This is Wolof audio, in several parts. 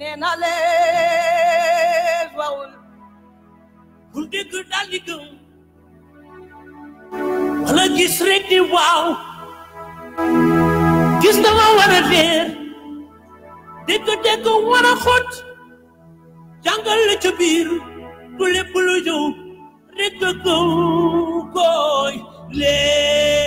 nee naa leen bawul bul dégg daal di gis rek di waaw gis dama war a leer dégg dégg war a xóot la ca biir du lépp lu ñëw rek nga góoy leer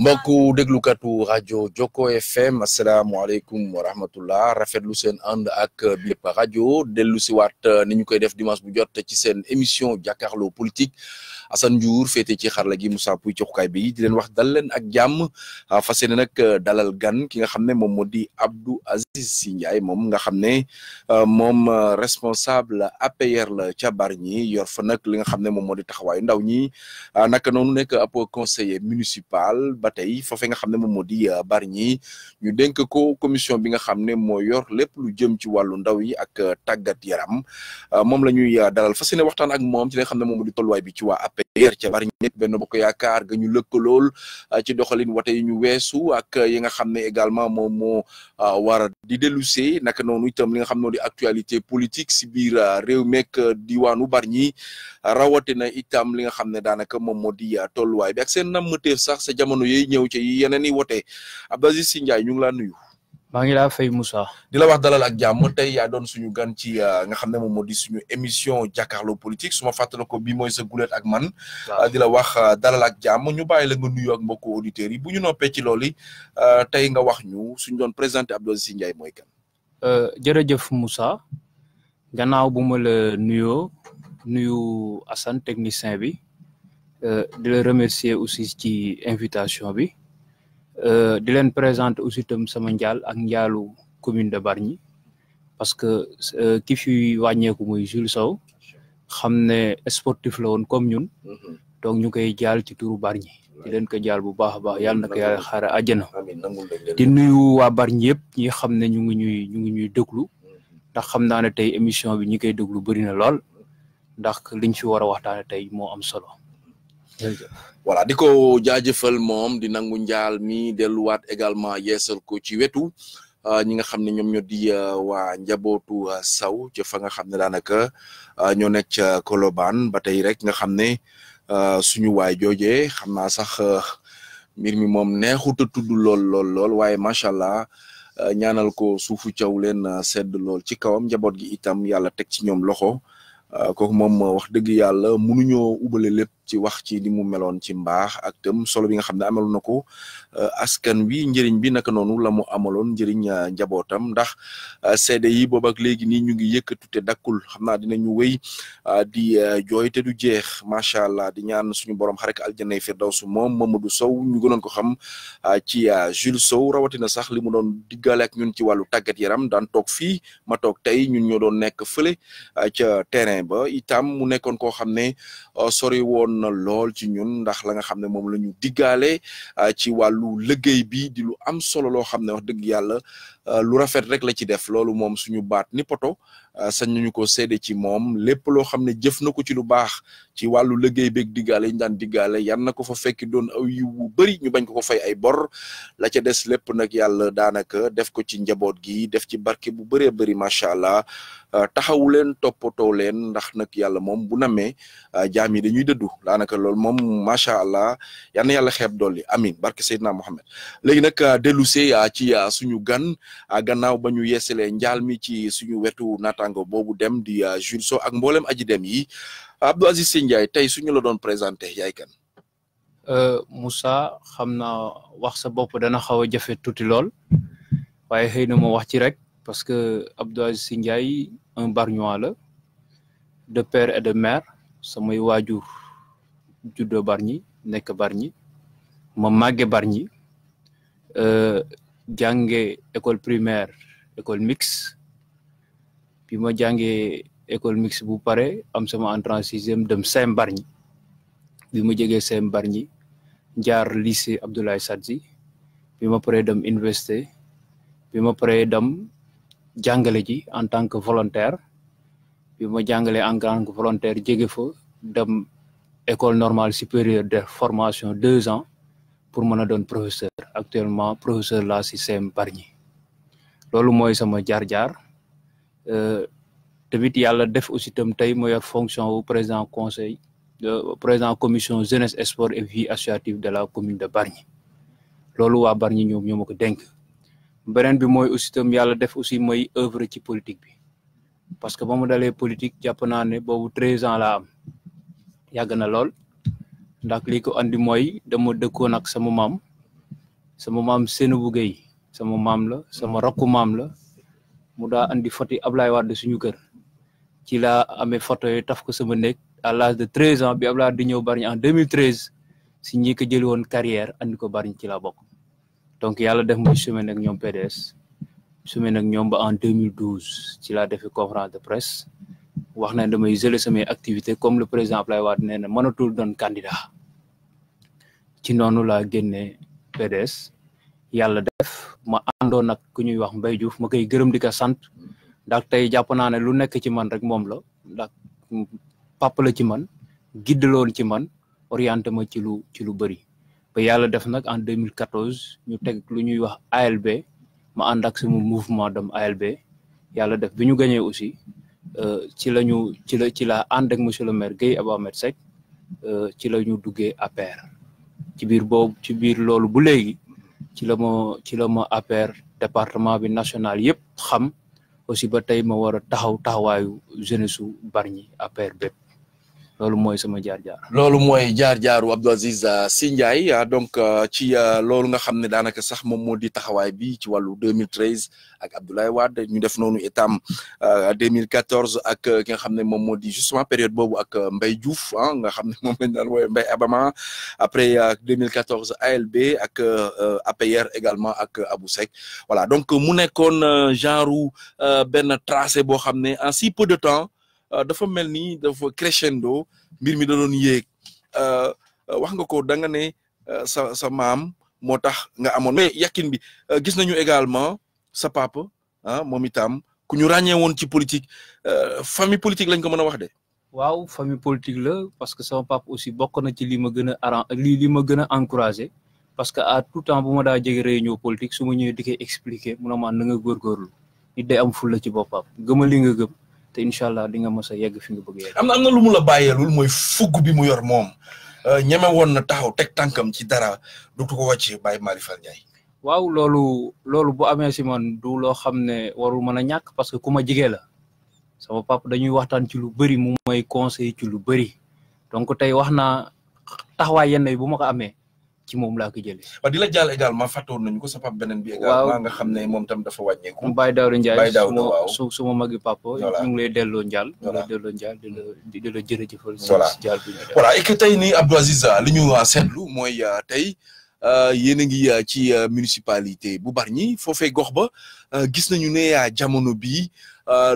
Moko déglukatu radio Joko FM asalaamualeykum wa rahmatullah Rafael Lucen and ak Radio, Radio, Del si koy def dimanche bu émission politique Assane Diour féete ci xarala gi Moussa Pouy ci xukaay bi di wax dal leen ak jàmm ah, fas yéene nag euh, dalal gan ki nga xam ne moom moo di Abdou Aziz Sy Ndiaye moom nga xam ne euh, moom euh, responsable APR la bar Bargny yor fa nag li nga xam ne moom moo di taxawaayu ndaw ñi ah, naka noonu nekk ab conseiller municipal ba tey foofee nga xam ne moom moo di Bargny ñu dénk ko commission bi nga xam ne moo yor lépp lu jëm ci wàllu ndaw yi ak tàggat yaram ah, moom la ñuy dalal fas yéene waxtaan ak moom ci li nga xam moom moo di tolluwaay bi APR ca bari ñett benn bokk yaakaar ga ñu lëkkalool ah, ci doxalin wate ñu weesu ak yi nga xam ne également moom moo ah, a wara di dellusee naka noonu itam li nga xam noo di actualité politique si biir ah, réew meek diwaanu Bargny rawatina itam li nga xam ne daanaka moom moo di tolluwaay bi ak seen nammateef sax sa jamono yooyu ñëw ci yeneen i wote Abdou Aziz Sy Ndiaye ñu ngi laa nuyu maa ngi laa fay Moussa. di la wax dalal ak jàmm tey yaa doon suñu gan ci euh, nga xam ne moom moo di suñu émission jàkkaarloo politique su ma fàttali ko bi mooy sa gulet ak man. Euh, di la wax euh, dalal ak jàmm ñu bàyyi la nga nuyoo ak mbokku auditeurs yi buñu ñu noppee ci loolu tey nga wax ñu suñu doon présenté Abdou Aziz Ndiaye mooy kan. jërëjëf Moussa gannaaw bu ma la nuyoo nuyu Assane technicien bi di la remercier aussi ci invitation bi. Euh, di leen présenter aussi itam sama njaal ak njaalu commune de Bargny parce que euh, ki fi wàññeeku muy Jules Sow xam ne sportif la woon ñun mhm. donc ñu koy jaal ci turu Bargny ñi leen ko jaal bu baax a baax yàlla na ko yàlla xaare di nuyu waa bar yëpp ñi xam ne ñu ngi ñuy ñu ngi ñuy déglu mhm. ndax xam naa ne tey émission bi ñi koy déglu bëri na lool ndax liñ fi war a waxtaane tey moo am solo Iya. voilà diko ko mom di nangu njaal mi delluwaat également yeesal ko ci wetu euh, ñi nga xamne ñom ñoom ñoo di euh, wa njabootu euh, saw ci fa nga xamne ne daanaka ñoo nekk ca Koloban ba rek nga xamne ne suñu way jojé xamna sax mbir mi mom neexut a lol lol ñaanal ko suufu ciow len sedd lol ci kawam njabot gi itam yalla tek ci ñom loxo kooku mom wax dëgg yàlla munuñoo lepp ci wax ci limu mu meloon ci mbaax ak dem solo bi nga xam ne amaloon na ko euh, askan wi njëriñ bi naka noonu la mu amaloon njëriñ euh, njabootam ndax euh, seede yi boob ak léegi nii ñu ngi yëkkatu dakkul xam dinañu wéy di jooy te du jeex macha allah di ñaan suñu borom xarek aljanay firdaws moom mamadou sow ñu gënoon ko xam ci jules sow rawatina sax li mu doon diggaale ak ñun ci wàllu tàggat yaram daan toog fii ma toog tey ñun ñoo doon nekk fële ca terrain ba itam mu nekkoon koo xam ne sori woon sonn na lool ci ñun ndax la nga xam ne moom la ñu diggaale ah, ci wàllu liggéey bi di lu am solo loo xam ne wax dëgg yàlla Euh, lu rafet rek la ci def loolu mom suñu baat ni poto euh, sañ ñu ko sédé ci mom lepp lo xamné ne jëf nako ci lu baax ci walu liggéey bekk digalé ñaan digalé yan na fa fekk doon aw yu bu bari ñu bañ ko ko fay ay bor la ca dess lepp nak yalla daanaka def ko ci njabot gi def ci barké bu bëré bëri macha allah euh, taxawu len topoto len ndax nak yalla mom bu namé jaam dañuy dëddu daanaka loolu moom macha allah yal na yàlla amin barke sayyidina Muhammad légui nak délousé ya ci suñu gan. Ah, gannaaw ba ñu yeesalee njaal mi ci suñu wetu naataango boobu dem di ah, Jules Sow ak mboolem aji dem yi Abdou Aziz Sy Ndiaye tey suñu la doon présenté yaay kan. Euh, Moussa xam naa wax sa bopp dana xaw a jafe tuuti lool waaye xëy na ma wax ci rek parce que Abdou Aziz Sy Ndiaye un la de père et de mère samay waajur juddoo Bargny nekk Bargny ma màgge Bargny euh, jànge école primaire école mixte bi ma jàngee école mixte bu pare am sama entrée en sixième dem Saint-Bargny bi ma jege Saint-Bargny jaar lycée Abdoulaye Sadji bi ma paree dem université bi ma paree dem jàngale ji en tant que volontaire bi ma jàngalee en tant que volontaire jege fa dem école normale supérieure de formation deux ans pour mën a doon professeur actuellement professeur la si CEM loolu mooy sama jaar-jaar euh, tamit yàlla def aussi tam tey ma yor fonction wu président conseil président commission jeunesse sport et vie associative de la commune de Bargny loolu waa Bargny ñoom ñoo ma ko denk beneen bi mooy aussi tam yàlla def aussi mooy œuvre ci politique bi parce que ba mu dalee politique jàpp naa ne boobu treize ans la am yàgg na lool ndak liko andi moy dama dekkone ak sama mam, sama mam senou bu gay sama mam la sama rakku mam la mu da andi foti Ablaye wad suñu kër ci la amé photo yi taf ko sama nek à l'âge de 13 ans bi Ablaye di ñew Bargny en 2013 si ñi ko jël won carrière andi ko bari ci la bok donc yalla def mu semaine ak ñom PDS ak ñom ba en 2012 ci la defee conférence de presse wax na damay jëlé sama activité comme le président Ablaye wad nee na mënatul don candidat ci noonu laa génne PDS yàlla def ma àndoon nag ku ñuy wax Mbaye Diouf ma kay gërëm di ko sant ndax tey jàpp naa ne lu nekk ci man rek moom la ndax papa la ci man giddaloon ci man orienté ma ci lu ci lu bëri ba yàlla def nag en 2014 ñu teg lu ñuy wax ALB ma ànd ak sama mouvement dem ALB yàlla def bi ñu gañee aussi euh, ci la ñu ci la ci la ànd ak monsieur le maire Guèye euh, ci la ñu duggee APR ci biir boobu ci biir loolu bu léegi ci la ma ci la ma APR département bi national yëpp xam aussi ba tey ma war a taxaw taxawaayu jeunesse su Bargny APR bépp Lolou moy sama jaar-jaar. Lolou mooy jaar-jaaru Abdou Aziz euh, ah, donc euh, ci euh, Lolou nga xam danaka sax mom modi taxaway bi ci wàllu 2013 ak Abdoulaye Wade ñu def noonu itam 2014 ak ki nga xam mom modi justement période bobu ak Mbaye Diouf ah, nga xam mom lañ daan wooye Abama après 2014 ALB ak APR également ak Abou Seck voilà donc mu nekkone genre ben tracé bo xam en si peu de temps. Euh, dafa mel ni dafa crescendo mbir mi da doon yéeg euh, euh, wax nga ko da nga ne sa sa maam moo nga amoon mais yakin bi gis nañu également sa papa ah moom itam ku ñu ràññee woon ci politique famille politique lañ ko mën a wax de. waaw famille politique la parce que sama papa aussi bokk na ci li ma gën a arrang li li ma gën a encouragé parce que à tout temps bu ma daa jege réunion politique su ma ñëwee di koy na nga góorgóorlu nit day am fulla ci boppam gëma li nga gëm te inshallah allah di nga mos a yegg fi nga bëgg yegg. amna amna lu mu la bàyyeelul moy fugu bi mu yor mom euh, ñame won na taxaw tek tankam ci dara du ko wacce bàyyi mari fal ñay waaw loolu loolu bu amee si man du loo xam ne warul mën a parce que ku ma la sama papa dañuy waxtaan ci lu bëri mu may conseil ci lu bëri donc tey wax naa yenn bu ma ko ci mom la ko jëlee. wa dila jall égal ma fàttoon nañu ko sa pap beneen bi. ma nga xamné mom tam dafa wàññeeku. ko bay Ndiaye Baye Daouda magi papa. ñu ngi lay dello ndjal voilà ñu lay di la di la jërëjëfal. ndjal bi ñu def. voilà et que tey Abdou aziza ah, li ñu wa ah, sétlu moy ah, tay a ngi ci municipalité bu ñi fofé gox ba gis nañu ya jamono bi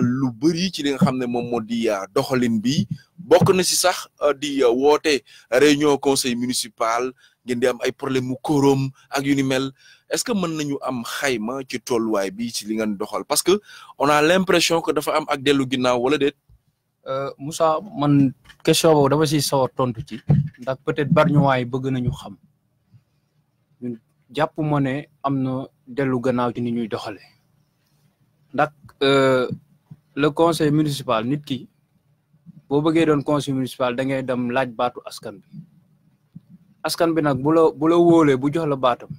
lu bari ci li nga xamné mom modi ya di doxalin bi bokk na ci sax di wote réunion conseil municipal. ngeen di am ay problème mu korom ak yu ni mel est-ce que mën nañu am xayma ci tolluwaay bi ci li ngeen doxal parce que on a l'impression ko dafa am ak dellu ginnaaw wala déet. Euh, Moussa man question boobu dafa si sawar tontu ci ndax peut-être barñuwaay bëgg nañu xam ñun jàpp ma ne am na dellu gannaaw ci ni ñuy doxalee ndax euh, le conseil municipal nit ki boo bëggee doon conseil municipal da ngay dem laaj baatu askan bi. askan bi nak bu la wolé bu jox la baatam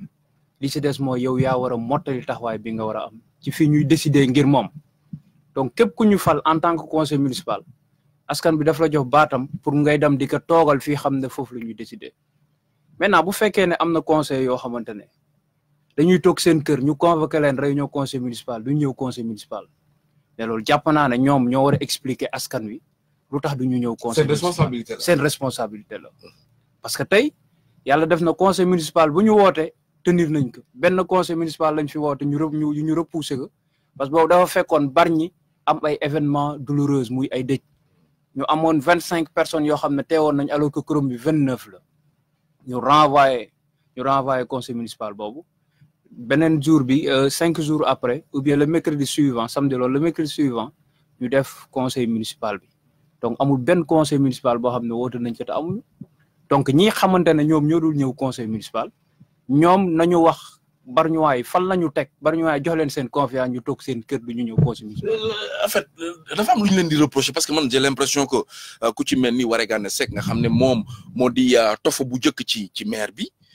li ci dess mooy yow ya wara a taxway bi nga wara am ci fi ñuy décider ngir mom donc kep ku ñu fal en tant que conseil municipal askan bi daf la jox batam pour ngay deside. di ko togal fi xamne fofu foofu la ñuy décider maintenant bu fekkee ne amna conseil yo xamantene dañuy tok seen kër ñu convoquer len réunion conseil municipal du ñew conseil municipal né lol jappana né ne ño wara expliquer askan wi lutax du ñu ñëw conseil municipal responsabilité parce que tay yalla def na conseil municipal bu ñu woote tenir nañ ko benn conseil municipal lañ fi woté ñu ñu ñu repousser ko parce que dafa fekkon Bargny am ay événement douloureux muy ay dëj ñu amone 25 personnes yo xamné téwon nañ alors que kuréel bi 29. la ñu renvoyer ñu renvoyer conseil municipal bobu benen jour bi euh, cinq jours après ou bien le mercredi suivant samedi loolu le mercredi suivant ñu def conseil municipal bi donc amul benn conseil municipal bo xamné woté nañ ko te amul donc ñi xamante ne ñoom ñoo dul ñëw conseil municipal ñoom nañu wax Bargny fan la ñu teg Bargny jox leen seen confiance ñu toog seen kër du ñu ñëw conseil municipal. Euh, en fait euh, dafa am lu ñu leen di reprocher parce que man j'ai l'impression que euh, ku ci mel ni Waregane Seck nga xam ne moom moo di tofa bu njëkk ci ci maire bi.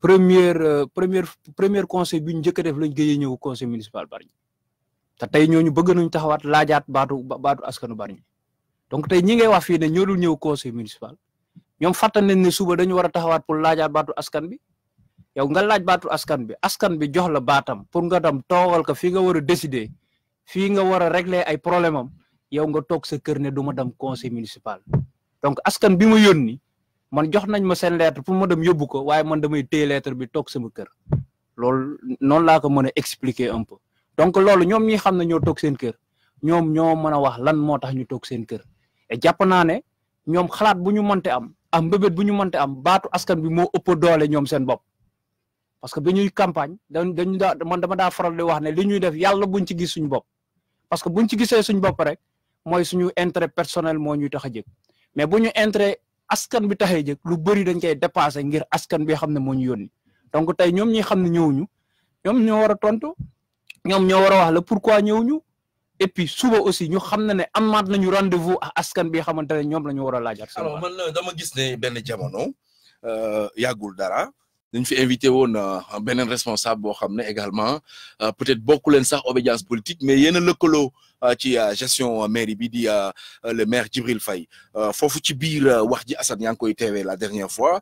première euh, première première conseil bi ñu jëkk def lañu gëyé ñëw conseil municipal bari te tey ñooñu bëgg nañu taxawat lajaat baatu baatu askanu bari donc tay ñi ngay wax fi ne ñoo ñëw conseil municipal ñom fatan nañ ne suba dañu wara taxawat pour lajaat baatu askan bi yow nga laaj baatu askan bi askan bi jox la baatam pour nga dam toogal ko fi nga wara décider fi nga wara régler ay problème am yow nga tok sa kër ne duma dam conseil municipal donc askan bi mu man jox nañ ma sen lettre pour ma dem yóbbu ko waye man damay té lettre bi tok sama kër lol non la ko mën expliquer un peu donc loolu ñom ñi xamna ne ñoo toog seen kër ñom ñoo mën wax lan motax ñu tok sen kër et japp na né ñom xalaat bu ñu am am mbébét bu ñu am baatu askan bi mo ëpp doole ñom sen bop parce que biñuy campagne dañ dañ man dama da faral di wax né li ñuy def yalla buñ ci gis suñu bop parce que buñ ci gisé suñu bop rek moy suñu intérêt personnel mo ñuy mais buñu intérêt askan bi taxee jeg lu bëri dañ koy dépassé ngir askan bi xam ne moo ñu yónni donc tey ñoom ñi xam ne ñëwuñu ñoom ñoo war a tontu ñoom ñoo war a wax la pourquoi ñëwuñu et puis suba aussi ñu xam ne ne amaat nañu rendez-vous ak askan bi xamante ne ñoom la ñu war a laaj. alors man euh, dama gis ne benn jamono euh, yàggul dara. dañ fi invité woon euh, beneen responsable boo xam ne également peut-être bokku leen sax obédience politique mais yéen a lëkkaloo Euh, ci euh, gestion euh, mairie bi le maire Djibril Faye fofu ci biir wax ji Assane la dernière fois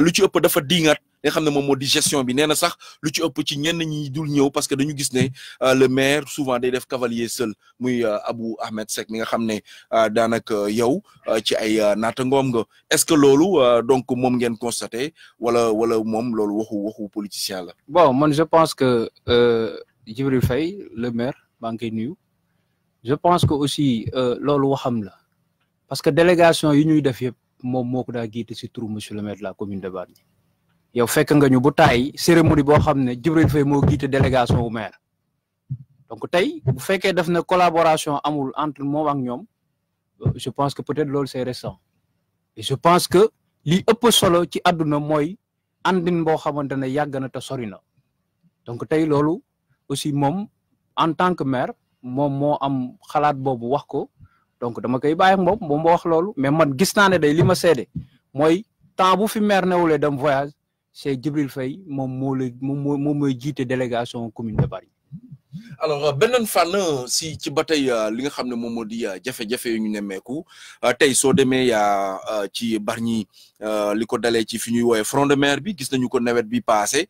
lu ci ëpp dafa dingat nga gestion bi néna sax lu ci ëpp ci ñenn parce que dañu gis le maire souvent cavalier seul muy Abou Ahmed Seck mi nga yow ci ay est-ce que donc ngeen wala wala waxu waxu politicien la. bon je pense que Djibril Faye le maire je pense que aussi euh, lolu waxam la parce que délégation yi ñuy def yëpp moom moo ko daa jiite si monsieur le maire de la commune de Bargny yow fekk nga ñu bu taay cérémonie boo xam ne Djibril Faye moo jiite délégation wu maire donc tey bu fekkee def na collaboration amul entre moom ak ñoom euh, je pense que peut-être loolu c'est récent et je pense que li ëpp solo ci àdduna mooy àndin boo xamante ne yàgg na te sori na donc tey loolu aussi moom en tant que maire moom moo am xalaat boobu wax ko donc dama koy bàyyi moom moom moo wax loolu mais man gis naa ne day li ma seede mooy temps bu fi maire newulee dem voyage c'est Djibril Faye moom moo la mo moom mooy jiite délégation commune de Bargny alors euh, beneen fànn si ci ba tey euh, li nga xam ne moom moo di euh, jafe-jafe yu ñu nemmeeku tey soo demee ci Bargny li ko dalee ci fi ñuy woowee front de mer bi gis nañu ko nawet bi passé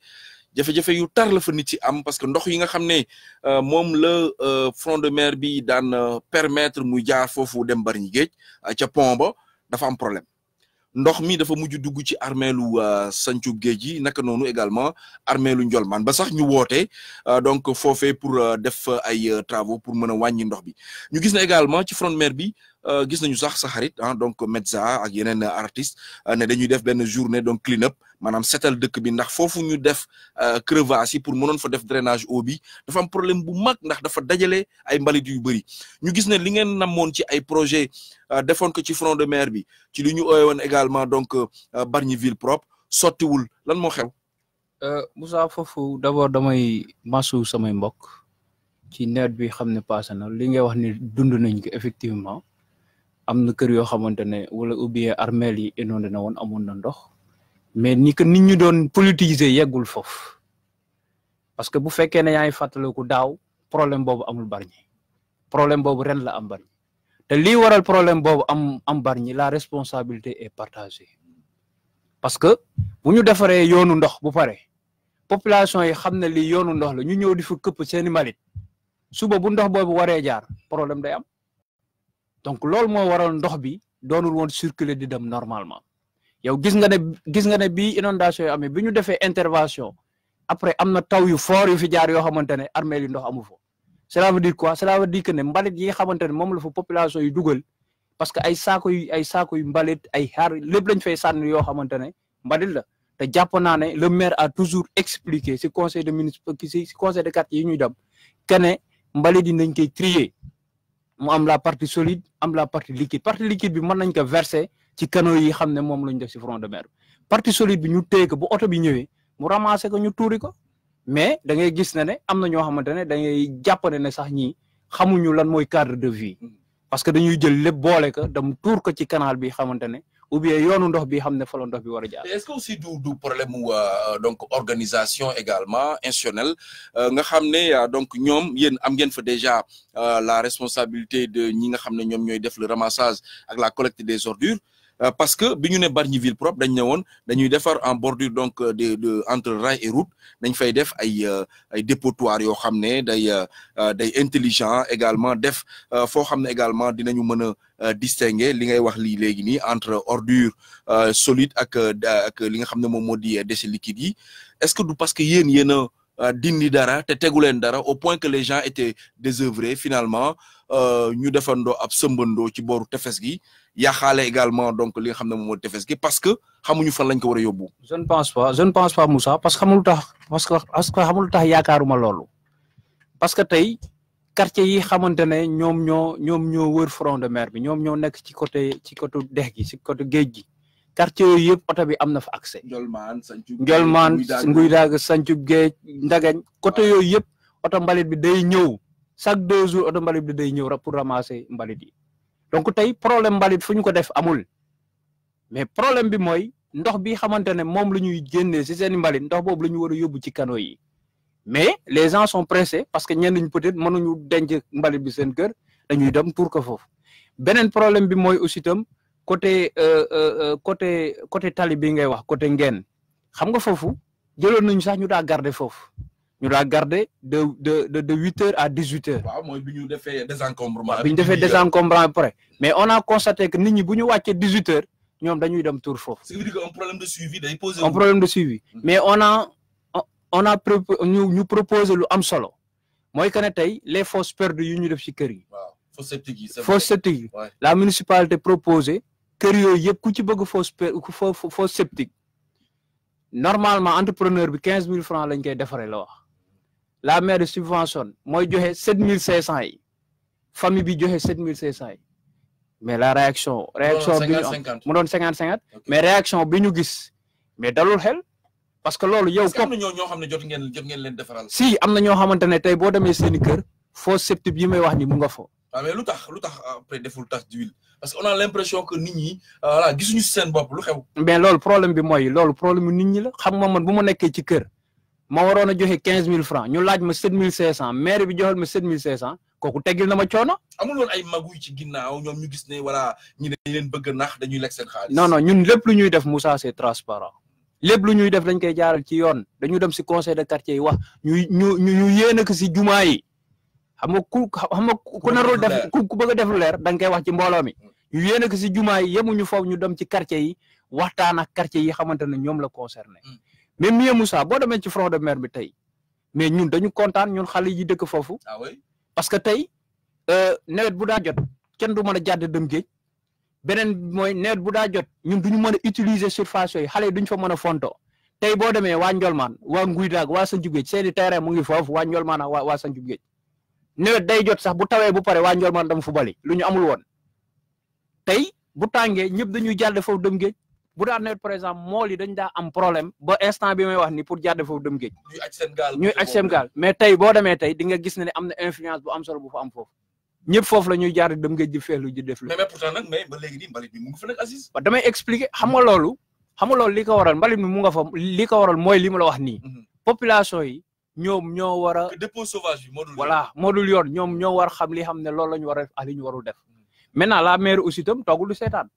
jafé jafé yu tar la fa nit ci am parce que ndox yi nga xamné ne euh, le euh, front de mer bi dan euh, permettre mu jaar fofu dem Bargny geej ci pont ba dafa am problème ndox mi dafa muju dugg ci lu sancu geej yi naka nonu également armeelu man ba sax ñu woté donc fofé pour def ay travaux pour mëna wañi ndox bi ñu gis na également ci front de mer bi Euh, gis nañu sax sa ah, donc Medza ak yenen artiste euh, ne dañuy def ben journée donc clean up manam setal deuk bi ndax fofu ñu def euh, crevasse pour mënon fa def drainage eau bi dafa am problème bu mag ndax dafa dajalé ay mbalit yu bëri ñu gis né li ngeen namone ci ay projet defoon ko ci front de mer bi ci li ñu également donc Bargny ville propre wul lan mo xew. Moussa fofu d'abord damay massou samay mbokk ci net bi xamné passé na li nous wax ni dund nañ effectivement. am na kër yoo xamante ne wala ou bien armeel yi inondé na woon amoon na ndox mais ni que nit ñu doon politiser yeggul foofu parce que bu fekkee ne yaa ngi fàttaliku daaw problème boobu amul Bargny problème boobu ren la am Bargny te lii waral problème boobu am am Bargny la responsabilité est partagée parce que bu ñu defaree yoonu ndox bu pare population yi xam ne lii yoonu ndox la ñu ñëw di fa këpp seeni mbalit suba bu ndox boobu waree jaar problème day am. donc loolu moo waral ndox bi doonul woon circuler di dem normalement yow gis nga ne gis nga ne bi inondation yi amee bi ñu defee intervention après am na taw yu fort yu fi jaar yoo xamante ne armée li ndox amu fa cela veut dire quoi cela veut dire que ne mbalit yi nga xamante ne moom la fa population yi dugal parce que ay saako yu ay saako yu mbalit ay xaar lépp lañ fay sànni yoo xamante ne mbalit la te jàpp naa ne le maire a toujours expliqué si conseil de ministre si conseil de quartier yi ñuy dem que ne mbalit yi nañ koy trier mu am la partie solide am la partie liquide partie liquide bi mën nañ ko verser ci canaux yi xam ne moom la ñu def si front de mer partie solide bi ñu téye ko bu oto bi ñëwee mu ramasser ko ñu tuuri ko mais da gis ne ne am na ñoo xamante ne da ngay jàpp ne ne sax ñii xamuñu lan mooy cadre de vie mm. parce que dañuy jël lépp boole ko dem tuur ko ci canal bi xamante ne ou bien yoonu ndox bi xam fa la ndox bi wara jaar. est-ce que aussi du du problème mu euh, donc organisation également institutionnel euh, nga xam ne euh, donc ñom yeen am ngeen fa déjà la responsabilité de ñi nga xam ñom ñoy def le ramassage ak la collecte des ordures. Euh, parce que bi ñu ne Bargny ville propre dañ ne woon dañuy defar en bordure donc euh, de de entre rail et route dañ fay def ay euh, ay dépotoir yoo xam ne day day intelligent également def foo xam ne également dinañu mën a distinguer li ngay wax lii léegi nii entre ordure solide ak ak li nga xam ne moom moo di déchets liquides yi est-ce que parce que yéen yéen Euh, dindi dara te tegu dara au point que les gens étaient désœuvrés finalement euh, ñu defando ab sëmbandoo ci boru tefes gi xalé également donc li nga xam mo tefes gi parce que xamuñu fan lañ ko wara yobbu je ne pense pas je ne pense pas Moussa parce que xamul tax parce que parce que xamul tax yaakaaruma loolu parce que tay quartier yi xamante ñom ñoo ñom ñoo wër front de mer bi ñom ñoo nek ci côté ci côté dex gi ci côté geej gi. quartier yooyu yëpp oto bi am na fa accès Njolmaan nguy daag sancub géej ndagañ côté yooyu yëpp oto mbalit bi day ñëw chaque deux jours oto mbalit bi day ñëw pour ramasser mbalit yi donc tey problème mbalit fu ñu ko def amul mais problème bi mooy ndox bi xamante ne moom la ñuy génnee si seen mbalit ndox boobu la ñu war a yóbbu ci canaux yi mais les gens sont pressés parce que ñenn ñi peut-être mënuñu denc mbalit bi seen kër dañuy dem tuur ko foofu beneen problème bi mooy aussi itam côté euh, euh, euh, côté côté talibé ngay wax côté ngène xam nga fofu jëloon nañu sax ñu da garder fofu ñu da garder de de de 8h à 18h heures. waaw mooy bi ñu désencombrement. biñu défé désencombrement après mais on a constaté que nit ñi buñu waccé 18h ñom dañuy dem tour fofu c'est un problème de suivi day posé. un problème de suivi mm. mais on a on a ñu ñu proposé lu am solo moy que tay les fausses perdues yu ñu def ci kër yi. waaw fosses septiques yi. fosses la municipalité proposé. kër yooyu yëpp ku ci bëgg fosse fosse septique normalement entrepreneur bi quinze mille francs lañ koy defaree la wax la mairie subventionne mooy joxe sept mille cinq cent yi famille bi joxe sept mille cinq cent yi mais la réaction réaction bi ñu am mu doon cinquante cinquante mais réaction bi ñu gis mais dalul xel parce que loolu yow comme am na ñoo xam ngeen jot ngeen leen defaral si am na ñoo xamante ne tey boo demee seen i kër fosse septique yi wax ni mu nga fo Ah, mais l'autre, tax ah, après d'huile parce qu'on a l'impression que ah, voilà lu xew. mais le problème bi c'est le problème la xam man ci kër ma 15 francs ñu laaj ma 7 500, bi joxal ma 7 500, na ma amul ay ci ginnaw ñom ñu gis ne ñi bëgg nax dañuy non non ñun lepp lu ñuy def Moussa c'est transparent Lepp lu ñuy def koy conseil de quartier wax ñu ñu ñu xam ku xam nga ku narul def ku bëgg def lu leer da nga koy wax ci mbooloo mi mm. yéen a si jumaa yi yemuñu foofu ñu dem ci quartier yi waxtaan ak quartier yi xamante ne ñoom la concerné mm. mais mi Moussa boo demee ci front de mer bi tey mais ñun dañu kontaan ñun xale yi dëkk foofu ah parce que tey euh, nawet bu daa jot kenn du mën a jàdd dem géej beneen mooy nawet bu daa jot ñun duñu mën a utiliser surface yi xale yi duñu fa mën a fonto tey boo demee waa Njolmaan wa Nguy Daag waa Sanju Géej seeni terrain mu ngi foofu waa Njolmaan waa Sanju Géej nawet day jot sax bu tawee bu pare waa Ndiol man dama fubali lu ñu amul woon tey bu tàngee ñëpp dañuy jàdd foofu dem géej bu daan nawet par exemple mool yi dañ daa am problème ba instant bi may wax ni pour jàdd foofu dem géej. ñuy aj seen gaal ñuy tey boo demee tey di nga gis ne ne am na influence bu am solo bu fa am foofu. ñëpp foofu la ñuy jaar dem géej di feexlu ji def lu. mais mais pourtant nag damay expliquer xam nga loolu. xam nga loolu li ko waral mbalit mi mu nga fa li ko waral mooy li la wax nii. Mhm. population yi ñoom ñoo war a. dépôt sauvage moo dul yoon voilà yoon ñoom ñoo war xam li xam ne loolu la ñu war a ak li ñu warul def maintenant la maire aussi itam toogul du seetaan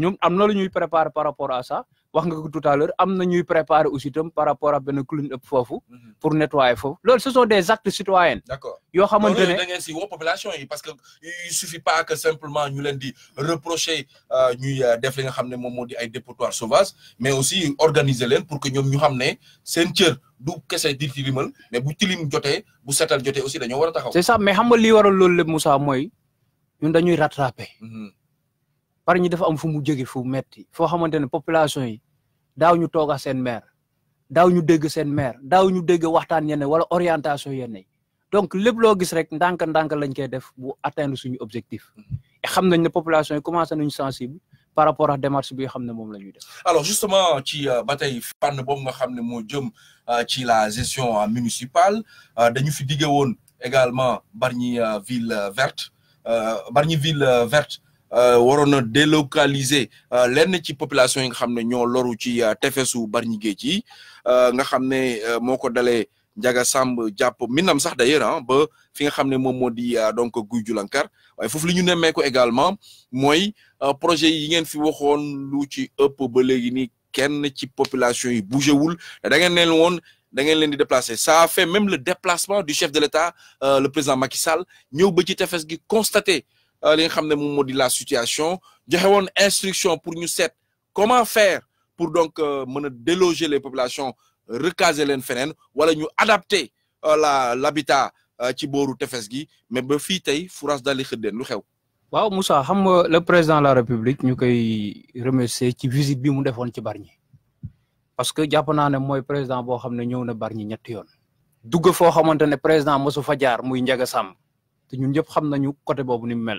ñoom am na lu ñuy préparer par rapport à sa wax nga ko tout à l'heure am na ñuy préparer aussi tam par rapport à benn clean ëpp foofu mhm. pour nettoyer foofu loolu ce sont des actes citoyens d'accord yoo xamante ne da ngeen si woo population yi parce que il suffit pas que simplement ñu leen di reprocher euh, ñuy euh, def li nga xam ne moom moo di ay dépotoir sauvage mais aussi organiser leen pour que ñoom ñu xam ne seen cër du kese di tilimal mais bu tilim jotee bu setal jotee aussi dañoo war a taxaw c'est ça mais xam nga li waral loolu lépp Moussa mooy ñun dañuy rattraper mhm par ñi dafa am fu mu jóge fu metti foo xamante ne population yi daaw ñu toog seen maire daaw ñu dégg seen maire daaw ñu dégg waxtaan yenn wala orientation yenn yi donc lépp loo gis rek ndànk-ndànk lañ koy def bu atteindre suñu objectif et xam nañ ne population yi commencé nañu sensible par rapport ak démarche bi nga xam ne moom la ñuy def. alors justement ci euh, ba tey fànn boobu nga xam ne moo jëm euh, ci la gestion euh, municipale dañu fi diggé woon également Bargny ville verte Bargny ville verte. Euh, waroon délocaliser euh, lenn ci population yi nga xamné ño ñoo loru ci euh, tefesu barni Géej nga xamné moko dalé ko dalee Ndiaga Samb jàpp minam sax d'ailleurs hein, ba fi nga xamné mom modi donc Guy way waaye li ñu némé ko également moy projet yi ngeen fi waxoon lu ci ëpp ba légui ni kenn ci population yi bougé wul da ngeen ne won da ngeen leen di déplacer ça a fait même le déplacement du chef de l'État le président Macky Sall ñeu ba ci tefes gi constater euh, li nga xam ne la situation joxe woon instruction pour ñu seet comment faire pour donc euh, mën déloger les populations recaser len fenen wala ñu adapter euh, la l'habitat ci boru tefes gi mais ba fi tay Fouras dali di lu xew. waaw Moussa xam nga le président de la République ñu koy remercier ci visite bi mu defoon ci Bargny parce que jàpp naa ne mooy président bo xam ne ñëw na Bargny ñetti yoon. dugg fo xamantene président mosu fa jaar muy Ndiaga sam te ñun ñëpp xam nañu côté bobu ni mel.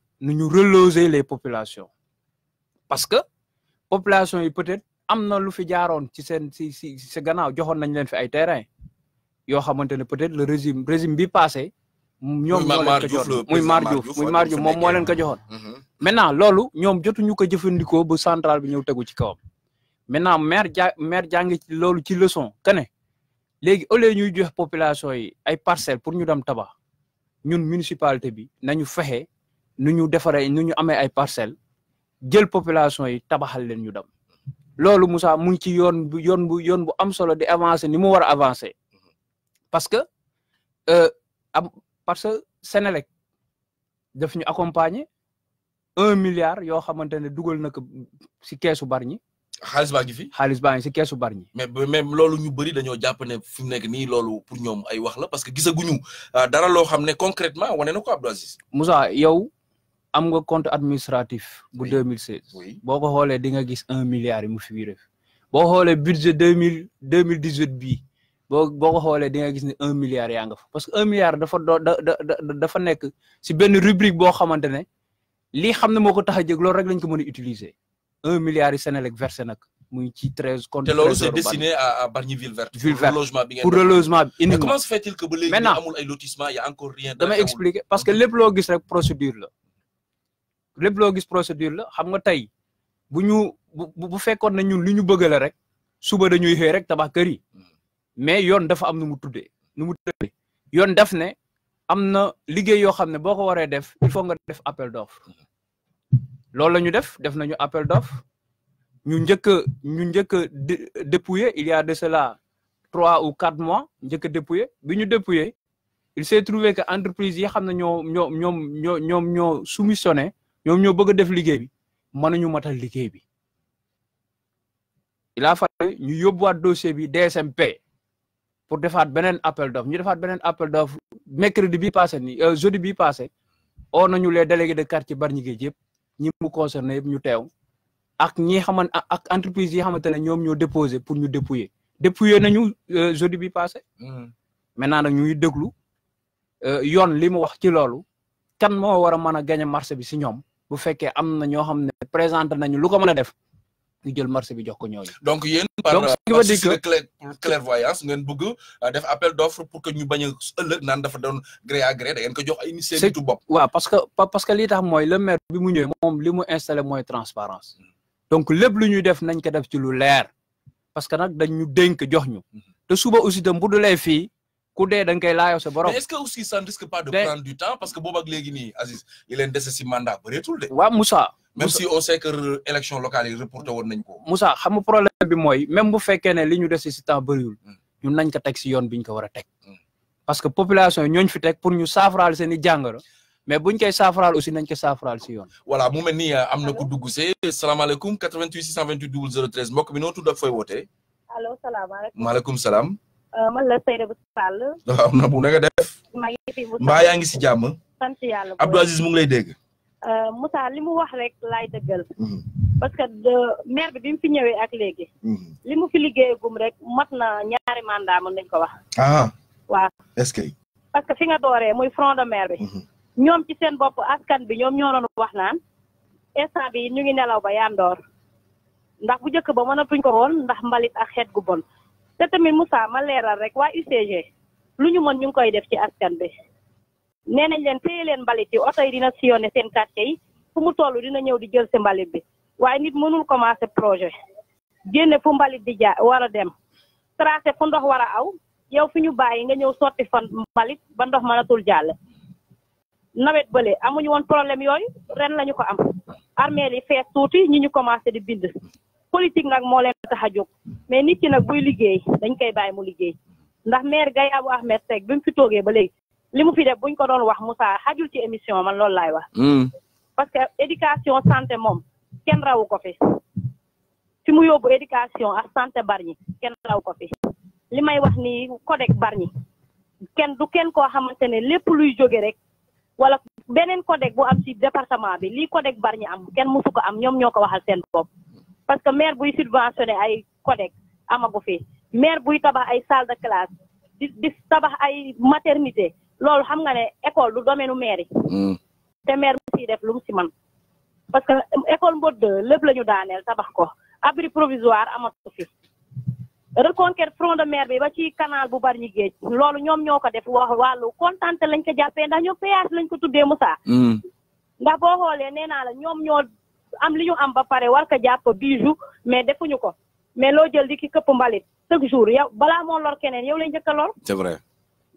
nu ñu reloger les populations parce que population yi peut-être amna lu fi jaaroon ci sen ci si si gannaaw joxoon nañ leen fi ay terrain yoo xamante ne peut-être le régime régime bi passé. ñoom moo leen ko joxoon muy Mar Diouf muy Mar Diouf moom moo leen ko joxoon. Mm-hmm. maintenant loolu ñoom jotuñu ko jëfandikoo ba centrale bi ñëw tegu ci kawam. maintenant maire ja maire jàngi ci loolu ci leçon que ne léegi au lieu ñuy jox population yi ay parcelles pour ñu dem tabax ñun municipalité bi nañu fexe nu ñu defaree nu ñu amee ay parcelles jël population yi tabaxal leen ñu dem loolu Moussa mu ngi ci yoon bu yoon bu yoon bu am solo di avancer ni mu war a avancer parce que euh, am parce que Sénélec daf ñu accompagner un milliard yoo xamante ne dugal na ko si keesu Bargny. xaalis baa ngi fi xaalis baa ngi si keesu Bargny. mais même loolu ñu bëri dañoo jàpp ne fi mu nekk nii loolu pour ñoom ay wax la parce que gisaguñu euh, dara loo xam ne concrètement wane na ko Abdou Aziz. Moussa yow am nga compte administratif bu 2016. oui boo ko xoolee di nga gis 1 milliard yi mu fi def boo xoolee budget deux mille deux mille dix bii boo boo ko xoolee di nga gis ni 1 milliard yaa nga fa parce que 1 milliard dafa doo da dafa nekk si benn rubrique boo xamante ne lii xam ne moo ko tax a jóg loolu rek lañ ko mën a utiliser 1 milliard yi Senelec versé nag muy ci 13 compte. te loolu c'est destiné à à Bargny-Ville verte. ville verte pour relogement bi ngeen. pour le logement bi uniquement mais comment se fait-il que ba léegi amul ay lotissement y a encore rien. dama expliquer parce que lépp loo gis rek procédure la. lépp loo gis procédure la xam nga tey bu ñu bu bu fekkoon na ñun li ñu bëgg rek suba dañuy xëy rek tabax kër yi mais yoon dafa am nu mu tuddee nu mu tuddee yoon daf ne am na liggéey yoo xam ne boo ko waree def il faut nga def appel d'offre loolu la ñu def def nañu appel d'offre ñu njëkk a ñu njëkk a dépouiller il y a de cela trois ou quatre mois njëkk a bi ñu dépouiller il s'est trouvé que entreprise yi xam na ñoo ñoo ñoom ñoo ñoom ñoo soumissionné ñoom ñoo bëgg def liggéey bi mënuñu matal liggéey bi il a fallu ñu yóbbuwaat dossier bi DSMP pour defaat beneen appel d'offre ñu defaat beneen appel d'offre mercredi bi passé ni euh, jeudi bi passé oo nañu les délégués de quartier Bargny yëpp ñi mu concerné yëpp ñu teew ak ñi xaman ak entreprise yi xamante ne ñoom ñoo déposé pour ñu dépouiller dépouiller nañu euh, jeudi bi passé mm-hmm. maintenant nag ñuy déglu euh, yoon li mu wax ci loolu kan moo war a mën a gañe marché bi si ñoom bu fekkee am na ñoo xam ne présenté nañu lu ko mën a def ñu jël marché bi jox ko ñooñu. donc yéen par par souci de clairvoyance ngeen bëgg euh, def appel d'offre pour que ñu bañ a ëllëg naan dafa doon gré à gré da ngeen ko jox ay initiative bopp. waaw parce que parce que li tax mooy le maire bi mu ñëw moom li mu installé mooy transparence donc lépp lu ñuy def nañ ko def ci lu leer parce que nag dañ ñu dénk jox ñu mm-hmm. te suba aussi itam bu dulee fii. ku dee da nga koy laajoo sa borom. mais est-ce que aussi ça ne pas de prendre temps parce que boobu ak léegi nii Aziz yi leen dese si mandat bëreetul de. waaw Moussa. même si on sait que élection locale yi reporté woon nañ ko. Moussa xam nga problème bi mooy même bu fekkee ne li ñu dese si temps bëriwul. Hmm. ñun nañ ko teg si yoon bi ñu ko war a teg. Hmm. parce que population yi ñooñu fi teg pour ñu saafaraal seen i jàngoro. mais buñ koy saafaraal aussi nañ ko saafaraal si yoon. voilà mu mel ni euh, am na ku dugg see. salaamaaleykum 88 628 0013 mbokk mi noo tudd ak fooy wootee. maaleykum salaam. man la Seynabou Sall. waaw na bu nga def. maa ngi fi Moussa mbaa yaa ngi Abdou Aziz mu ngi lay dégg. Moussa li mu wax rek laay dëggal. parce que maire bi bi mu fi ñëwee ak léegi. li mu fi liggéeyagum rek mat ñaari mandat mën nañ ko wax. ah waaw est-ce que. parce que fi nga dooree muy front de maire bi. ñoom ci seen bopp askan bi ñoom ñoo doon wax naan instant bi ñu ngi nelaw ba yandoor ndax bu njëkk ba mënatuñ ko woon ndax mbalit ak xeet gu bon. te tamit Moussa ma leeral rek waa UCG lu ñu mën ñu ngi koy def ci askan bi nee nañ leen téye leen mbalit yi oto yi dina sillonné seen quartier yi fu mu toll dina ñëw di jël si mbalit bi waaye nit mënul commencé projet génne fu mbalit di ja war a dem tracé fu ndox war a aw yow fi ñu bàyyi nga ñëw sotti fan mbalit ba ndox mënatul jàll nawet bale amuñu woon problème yooyu ren lañu ko am armeel yi fees tuuti ñu ñu commencé di bind politique nag moo leen tax a jóg mais nit ki nag buy liggéey dañ koy bàyyi mu liggéey ndax maire Gaye bu Ahmed bi mu fi toogee ba léegi li mu fi def buñ ko doon wax Moussa xajul ci émission man loolu laay wax. Hmm. parce que éducation santé moom kenn rawu ko fi fi mu yóbbu éducation ak santé Bargny kenn raw ko fi li may wax ni codec Bargny kenn du kenn koo xamante ne lépp luy jóge rek wala beneen codec bu am ci département bi lii codec Bargny am kenn musu ko am ñoom ñoo ko waxal seen bopp. parce que maire buy subventionné ay CODEC amagu fi maire buy tabax ay salle de classe di di tabax ay maternité loolu xam nga ne école du domaine maire yi. Hmm. te maire mu siy def lu mu si man parce que euh, école Mbodj lépp la ñu daaneel tabax ko abri provisoire amatu fi reconquête front de mer bi ba ci canal bu bari ñu géej loolu ñoom ñoo ko def wax wàllu kontante lañ ko jàppee ndax ñoom péage lañ ko tuddee Moussa. Hmm. ndax boo xoolee la ñoom ñoo am li ñu am ba pare war ko jàpp bijou defu ñu ko mais loo jël di ki këpp mbalit chaque jour yow balaa moo lor keneen yow lay njëkk a lor. c'est vrai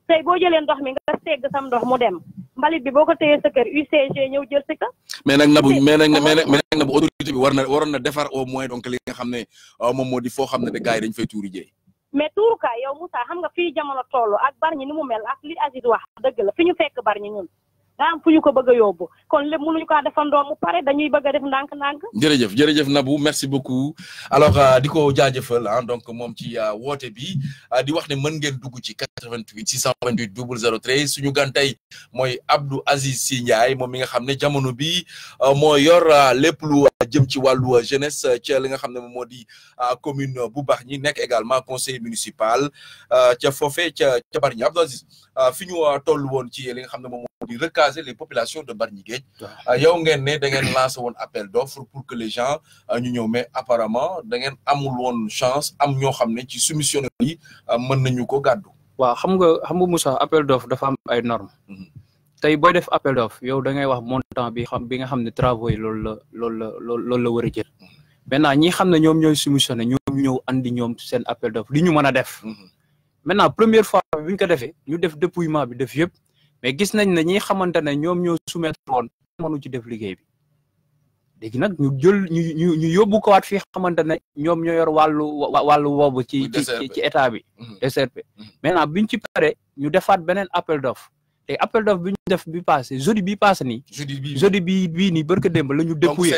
tey ndox mi nga segg sam ndox mu dem mbalit bi boo ko téyee sa kër UCG ñëw jël si ka mais nag nabu mais nag mais autorité war na waroon na defar au moins donc li nga xam ne euh, moom moo di foo xam ne de gars yi dañ fay tuuri jëy. mais tuurukaay yow Moussa xam nga fii jamono toll ak bari ñi ni mu mel ak li Aziz wax dëgg la fi ñu fekk bari daa am fu ñu ko bëgg a yóbbu kon lépp mënuñu kaa defandoo mu pare dañuy bëgg a def ndànk-ndànk. jërëjëf jërëjëf Nabou merci beaucoup alor euh, di ko jaajëfal ah donc moom ci euh, woote bi euh, di wax ne mën ngeen dugg ci 88 628 0013 suñu gan tey mooy Abdou Aziz Sy Ndiaye moom mi nga xam ne jamono bi moo yor lépp lu jëm ci wàllu jeunesse ci li nga xam ne moom moo di commune bu baax ñi nekk egalement conseil municipal ca foofee ca ca Bargny Abdou Aziz fi ñu toll woon ci li nga xam ne moom les populations de Barniguej euh, yow ngeen ne da ngeen lancé woon appel d'offre pour que les gens euh, ñu ñëw mais apparemment da ngeen amul woon chance am ñoo xam ne ci soumissionnaire yi euh, mën nañu ko gàddu waaw xam nga xam nga Moussa appel d'offre dafa am ay normes mhm. tey booy def appel d'offre yow da ngay wax montant bi xam bi nga xam ne travaux yi loolu la loolu la loolu la war jël mhm. maintenant ñi xam ne ñoom ñooy soumissionné ñoom ñëw andi ñoom sen appel d'offre li ñu mën a def mhm. maintenant première fois bi ñu ko defee ñu def dépouillement bi def yëpp mais gis nañ ne ñi xamante ne ñoom ñoo soumettre woon mënu ci def liggéey bi léegi nag ñu jël ñu ñu ñu yóbbu ko waat fi xamante ne ñoom ñoo yor wàllu wàllu woobu ci ci ci état bi mhm. DCRP mhm. maintenant biñ ci pare ñu defaat beneen appel d'offre te appel d'offre bi ñu def bi passé jeudi bi passé nii jeudi bi bii nii barka démb la ñu dépouillé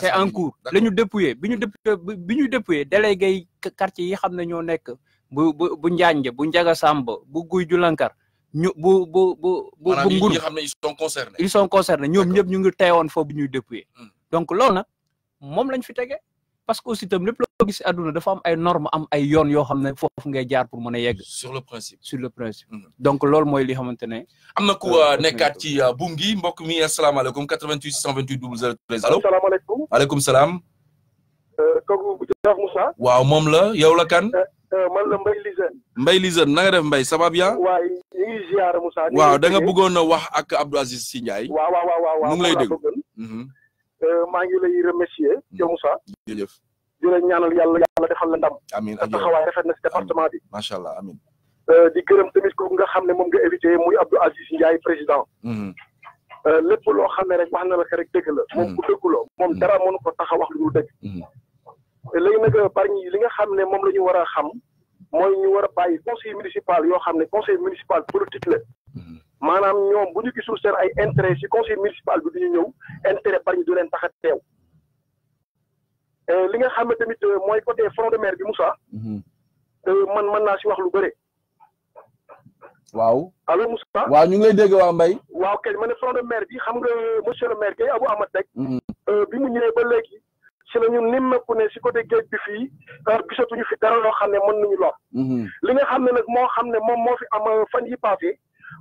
c'est en cours la ñu dépouillé bi ñu dépouillé bi ñu dépouillé délégué quartier yi xam ne ñoo nekk bu bu bu Njaañ bu Njaga Sàmb bu Guy Julankar ñu bu bu bu bu nguur nga xamné ils sont concernés ils sont concernés ñom ñep ñu ngi téwon fo bu ñuy depuis hmm. donc lool nak mom lañ fi tégué parce que aussi tam lepp lo gis aduna dafa am ay normes am ay yoon yo xamné fofu ngay jaar pour mëna yegg sur le principe sur le principe hmm. donc lool moy li xamantene amna ko euh, euh, nekkat ci euh, bungi mbok mi assalamu alaykum 88 628 0013 allo assalamu alaykum alaykum salam euh jox Moussa waaw mom la yow la kan euh Euh, man la Mbaye Lisane. Mbaye Lisane na nga def Mbaye ça va bien. waaw ñu ngi waaw da nga bëggoon a wax ak Abdou Aziz Sy Ndiaye. waaw waaw waaw waaw mu lay dégg. Mhm. Euh, maa ngi lay remercier yow mhm. Moussa. jërëjëf. di la ñaanal yàlla yàlla defal la ndam. amiin ak taxawaay rafet na si département bi. macha allah amiin. Euh, di gërëm tamit kooku nga xam ne moom nga invité muy Abdou Aziz Ndiaye président. Mhm. lépp loo xam ne rek wax na la rek dëgg la. moom ku dëggu la dara mënu ko tax wax lu dul dëgg. léegi nag euh, parmi li nga xam ne moom la ñu war a xam mooy ñu war a bàyyi conseil municipal yoo xam ne conseil municipal politique la mm-hmm. maanaam ñoom bu ñu gisul seen ay intérêt ci conseil municipal bi du ñu ñëw intérêt parmi du leen tax a teew euh, li nga xam ne tamit euh, mooy côté front de mer bi Moussa. Mm-hmm. man mën naa si wax lu bëre. waaw allo Moussa. waaw ñu ngi lay dégg waa mbay waaw kay ma ne front de mer bi xam nga monsieur le maire kay Abou Ahmad rek. Mm-hmm. bi mu ñëwee ba léegi. si la ñu nemmeeku ne si côté géej bi fii euh, gisatuñu fi dara loo xam ne mën nañu lor. Mhm. li nga xam ne nag moo xam ne moom moo fi am euh, fan yi passé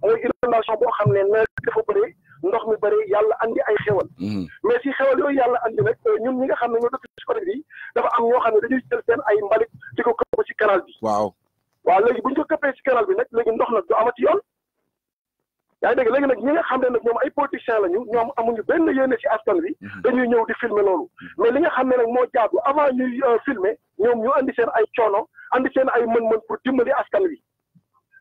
mooy inondation boo xam ne nawet bi dafa bëri ndox mi bëri yàlla andi ay xewal. Mhm. mais si xewal yooyu yàlla andi nag euh, ñun ñi nga xam ne ñoo dëkk si côté bi dafa am ñoo xam ne dañuy jël seen ay mbalit di ko këpp si canal bi. waaw waaw léegi bu ñu ko këppee si canal bi nag léegi ndox nag du amati yoon. yaa dégg léegi nag ñi nga xam ne nag ñoom ay politiciens lañu ñoom amuñu benn yéene ci askan wi mhm. dañuy ñëw di filmer loolu mhm. mais li nga xam ne nag moo jaadu avant ñuy euh, filmer ñoom ñu andi seen ay coono andi seen ay mën-mën pour dimbali askan wi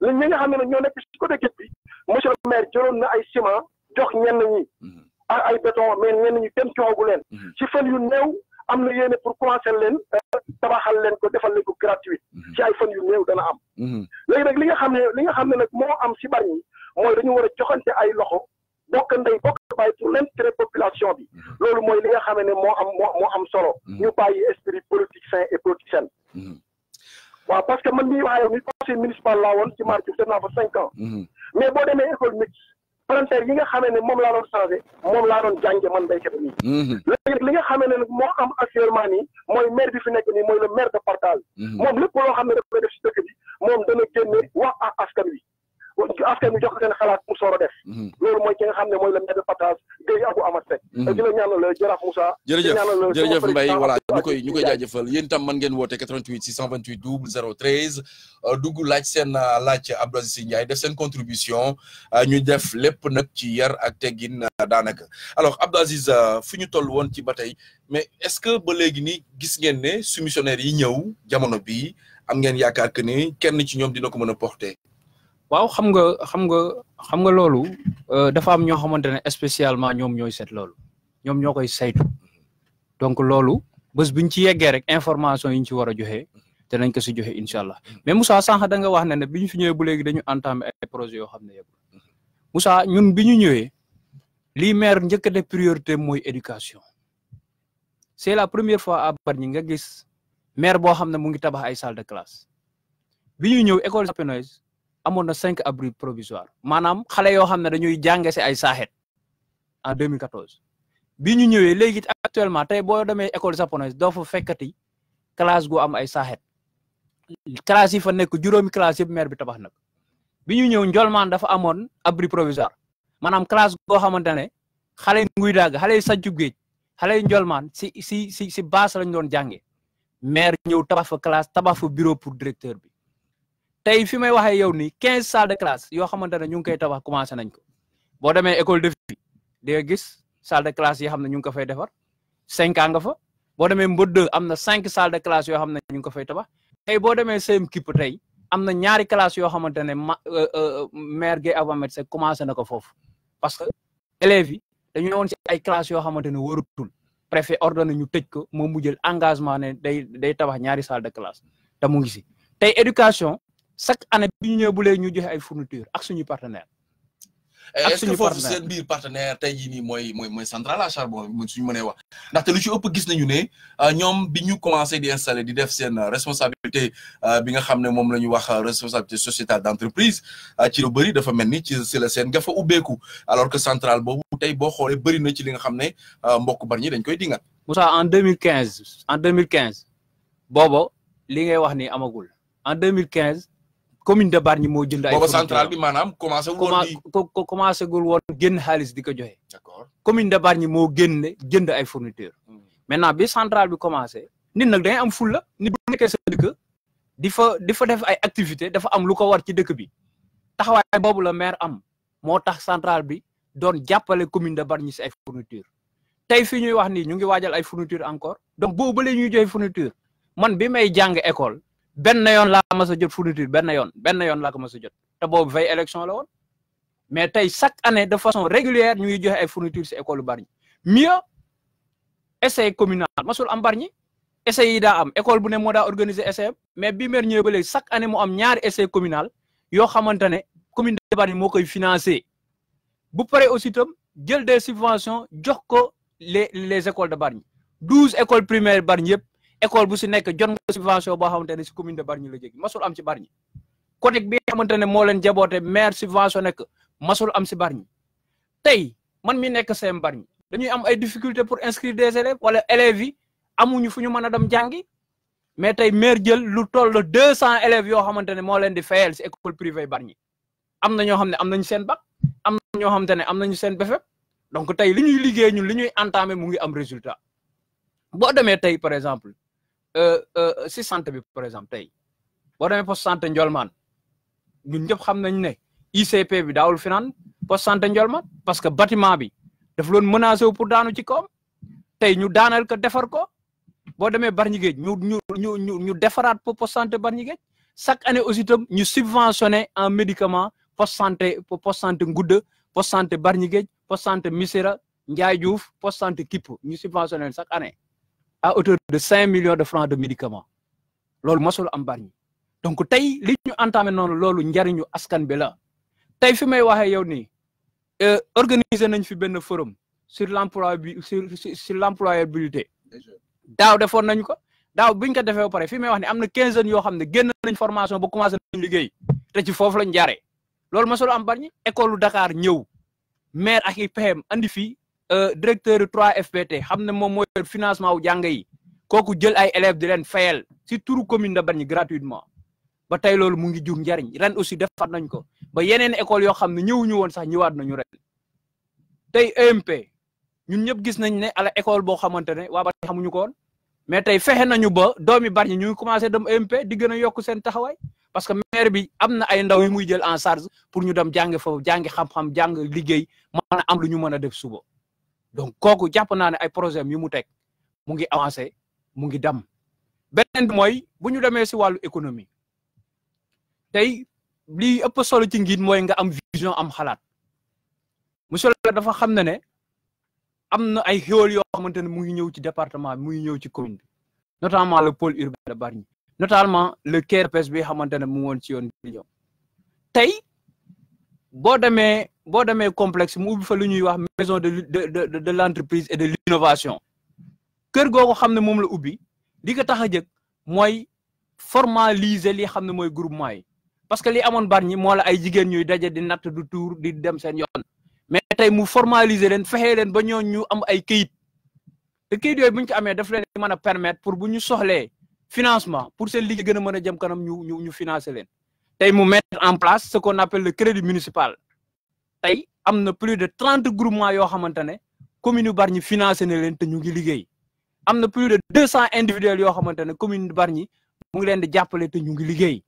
li ñi nga xam ne nag ñoo nekk ci côté bi monsieur le maire jëloon na ay ciment jox na ñi mhm. ak ah, ay béton mais ñenn ñi kenn joxagu leen ci fan yu néew am na yéene pour commencer leen euh, tabaxal leen ko defal leen ko gratuit ci ay yu néew dana am léegi nag li nga xam ne li nga xam ne nag moo am ci Bargny mooy dañu war a joxante ay loxo bokk ndey bokk bàyyi pour l'intérêt population bi mhm. loolu mooy li nga xam ne moo am moo moo am solo mhm. ñu bàyyi esprit politique sain et politique saine mhm. waaw parce que man mii wax yow mi conseil municipal laa woon ci Mariouf def naa fa cinq ans mais boo yi nga xamee ne moom laa doon changé moom laa doon jànge man béykat bi nii li nga xamee ne moo am actuellement nii mooy maire bi fi nekk nii mooy le maire de partage moom lépp loo xam ne daf koy def si dëkk bi moom dana génne wax ak askan wi askan bi jox ko seen xalaat mu soor a def mhm. loolu mooy ki nga xam ne mooy le maire de Patas Gueye Abou Amar Seck mhm. di la ñaanal jaraaf Moussa jërëjëf jërëjëf Mbaye voilà ñu koy ñu koy jaajëfal yéen tam mën ngeen woote 88 628 00 13 dugg laaj seen euh, laaj Abdou Aziz Ndiaye def seen contribution euh, ñu def lépp nag ci yar ak teggin euh, daanaka alors Abdou Aziz ñu toll woon ci ba tey mais est-ce que ba léegi ni gis ngeen ne soumissionnaire yi ñëw jamono bi am ngeen yaakaar ni kenn ci ñoom dina ko mën a porter waaw xam nga xam nga xam nga loolu euh, dafa am ñoo xamante ne spécialement ñoom ñooy seet loolu ñoom ñoo koy saytu donc loolu bés biñ ci yeggee rek information yi ñu ci war a joxe danañ ko si joxe incha allah mais Moussa sànq da nga wax ne ne bi ñu fi ñëwee bu léegi dañu entamé ay projets yoo xam ne yëpp Moussa ñun bi ñu ñëwee lii maire njëkk de priorité mooy éducation c'est la première fois à ñi nga gis maire boo xam ne mu ngi tabax ay salle de classe bi ñu ñëw école sapinoise amoon 5 abri provisoire Manam, xalé yo xamné dañuy jànge ci ay sahet en 2014 bi ñu ñëwé légui actuellement tay bo démé école japonaise do fa fekkati classe gu am ay sahet classe yi fa nek juroomi classe yëpp maire bi tabax nak bi ñu ñëw njolmaan dafa amone abri provisoire manam classe go xamante xalé nguy dag xalé sa sàccu xalé xale si si si si base lañ doon jànge maire ñëw tabax fa classe tabax fa bureau pour directeur bi tey fi may waxee yow nii quinze salles de classe yoo xamante ne ñu ngi koy tabax commencé nañ ko boo demee école de vie di gis salle de classe yi xam ne ñu ngi ko fay defar cinq nga fa boo demee mbëdd am na cinq salles de yoo xam ne ñu ngi ko fay tabax tey boo demee seen kipp tey am na ñaari classe yoo xamante ne ma euh, euh, maire Guèye avant médecin commencé na ko foofu parce que élèves yi dañu woon ay classes yoo xamante ne waratul préfet ordonné ñu tëj ko moom mu jël engagement ne day day tabax ñaari salle de classe te mu ngi si tey éducation chaque année bi ñu ñëw bu léegi ñu joxe ay fourniture ak suñuy partenaire eh, ak suñu foofu seen biir partenaire tey jii nii mooy mooy moy centrale à charbon mënee wax ndaxte lu ci ëpp gis nañu ne euh, ñoom bi ñu commencé di installer di def seen euh, responsabilité euh, bi nga xam ne moom la ñu wax responsabilité sociétale d' entreprise ci lu bëri dafa mel ni ci si la seen nga fa ubbeeku alors que centrale boobu tey bo xoolee bëri na ci li nga xam ne mbokk bari ñi dañ koy dingat Moussa en deux mille quinze en deux mille quinze booba li ngay wax ni amagul en deux mille quinze commune de Bargny mo jënd ay central bi manam commencé wul won di commencé gul won génn xaliss diko joxe d'accord commune de Bargny mo génne jënd ay fournisseur hmm. maintenant bi central bi commencé nit nak da ngay am ful la nit bu nekkee sa dëkk difa difa def ay activité dafa am lu ko war ci dëkk bi taxaway bobu la maire am moo tax centrale bi doon jappalé commune de Bargny ci ay fournisseur tay fi ñuy wax ni ñu ngi waajal ay fournisseur encore donc boobu ba ñuy joxe fournisseur man bi may jang école Ben yoon la ma sa jot fourniture Ben yoon ben yoon la ko y a jot te bobu fay élection la mais tay chaque année de façon régulière nous joxe ay fournitures ci école Bargny mieux essai communal masul am suis essai yi am école bu ne mo da organiser essai mais bi maire ñëwee ba chaque année mu am ñaar essai communal yo que commune de Bargny mo koy financer bu paré aussi tam jël des subventions jox ko les les écoles de Bargny 12 écoles primaires de école bu si nekk jot nga subvention boo xamante ne si commune de Bargny la jógee masul am ci Bargny côté bi nga xamante ne moo leen jaboote maire subvention nekk masul am si Bargny tey man mi nekk seen Bargny dañuy am ay difficulté pour inscrire des élèves wala élèves yi amuñu fu ñu mën a dem jàngi mais tey maire jël lu toll deux cent élèves yoo xamante ne moo leen di fayal si école privée Bargny am na ñoo xam ne am nañu seen bac am na ñoo xamante ne am nañu seen BFEM donc tey li ñuy liggéey ñun li ñuy entamé mu ngi am résultat boo demee tey par exemple Euh, euh, si santé bi par exemple tey boo demee poste santé Ndiolmane ñun ñëpp xam nañ ne ICP bi daawul finaan poste santé Ndiolmane parce que batiment bi daf loon menacé wu pour daanu ci kawam tey ñu daaneel ko defar ko boo demee ñu Géej ñu ñu ñu ñu defaraat po poste santé Bargny Géej chaque année aussi tam ñu subventionné en médicament poste santé poste santé Ngouda poste santé Bargny Géej poste santé Missira Ndiaye Diouf poste santé Kipp ñu subventionné chaque année. à hauteur de cinq millions de francs de médicaments loolu mosul am Bargny donc tey li ñu entamé noonu loolu njariñu askan bi la tey fi may waxee yow nii euh, organiser nañ fi benn forum sur l'emploi bi sur sur l'employabilité daaw defoon nañ ko daaw biñ ko defee ba pare fi may wax ne am na quinze jeunes yoo xam ne génn nañ formation ba commencé nañ liggéey te ci foofu lañ jaaree loolu mosul am Bargny école Dakar ñëw maire ak i andi fii Euh, directeur yu 3FPT xam ne moom mooy financement wu jàng yi kooku jël ay élèves di leen fayal si turu commune de Bargny gratuitement ba tey loolu mu ngi jur njariñ ren aussi defaat nañ ko ba yeneen école yoo xam ne ñëwuñu woon sax ñëwaat nañu ren tey EMP ñun ñëpp gis nañ ne ala école boo xamante ne waa ba xamuñu ko woon mais tey fexe nañu ba doomi Bargny ñu ngi dam dem EMP di gën a yokk seen taxawaay parce que maire bi am na ay ndaw yi muy jël en charge pour ñu dem jàng foofu jàngi xam jàng liggéey mën am lu ñu mën a def suba donc kooku jàpp naa ne ay projet am yu mu teg mu ngi avancé mu ngi dem beneen mooy bu ñu demee si wàllu économie tey lii ëpp solo ci njiit mooy nga am vision am xalaat monsieur le dafa xam ne ne am na ay xéwal yoo xamante ne mu ngi ñëw ci département mu ngi ñëw ci commune bi notamment le pôle urbain de Bargny notamment le KRPS bi xamante ne mu ngi ci yoon bi tey boo bo démé complexe mu ubi fa luñuy wax maison de de de de l'entreprise et de l'innovation kër gogo xamné mom la ubi li ko tax a jëkk formaliser li xamné moy mooy groupement yi parce que li amone bar ñi moo la ay jigen ñuy dajé di nat du tour di dem sen yoon mais tay mu formaliser len fexé len ba ñoo ñu am ay kayit te kayit yoy buñ ñu ko amee daf leen mëna permettre pour buñu soxlé financement pour sen liggéey gëna mëna jëm kanam ñu ñu financer len tay mu mettre en place ce qu'on appelle le crédit municipal tey am na plus de trente groupements yoo xamante ne commune Bargny financé na leen te ñu ngi liggéey am na plus de deux cent individuels yoo xamante ne commune Bargny mu ngi leen di jàppale te ñu ngi liggéey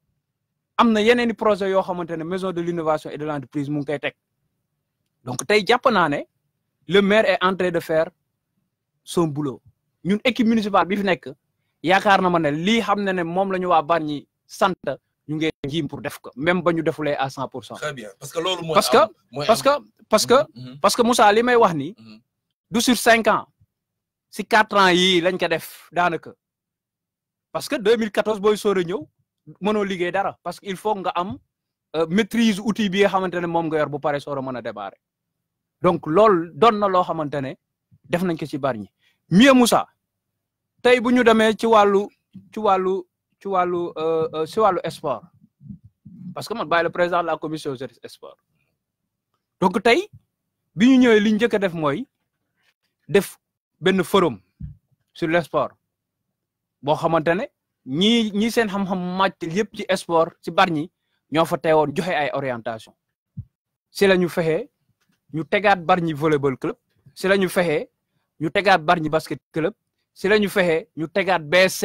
am na yeneen i projets yoo xamante ne maison de l'innovation et de l'entreprise mu ngi koy teg donc tey jàpp naa ne le maire est en de faire son boulot ñun équipe municipale bi fi nekk yaakaar na ma ne lii xam na ne moom la ñu waa Bargny sant ñu ngi njiim pour def ko même ba ñu defulee à cent pour cent. très bien parce que loolu mooy parce parce que mm-hmm. Mm-hmm. parce may wax ni mm-hmm. du sur cinq ans si quatre ans yii lañ ko def daanaka parce que 2014 booy soor a ñëw mënoo liggéey dara parce que il faut nga am euh, maîtrise outil bi nga xamante ne moom nga yor bu pare soor a mën a débarrer donc loolu doon na loo xamante ne def nañ ko ci bari ñi mieux Moussa tey bu ñu ci wàllu wàllu. ci wàllu euh, euh, ci wàllu sport parce que man bàyyi la président de la commission jeunesse sport donc tey bi ñu ñëwee li njëkk a def mooy def benn forum sur le sport boo xamante ne ñii ñii seen xam-xam màcc yëpp ci espor ci Bargny ñoo fa teewoon joxe ay orientation si la ñu fexee ñu tegaat Bargny volleyball club si la ñu fexee ñu tegaat Bargny basket club si la ñu fexee ñu tegaat BC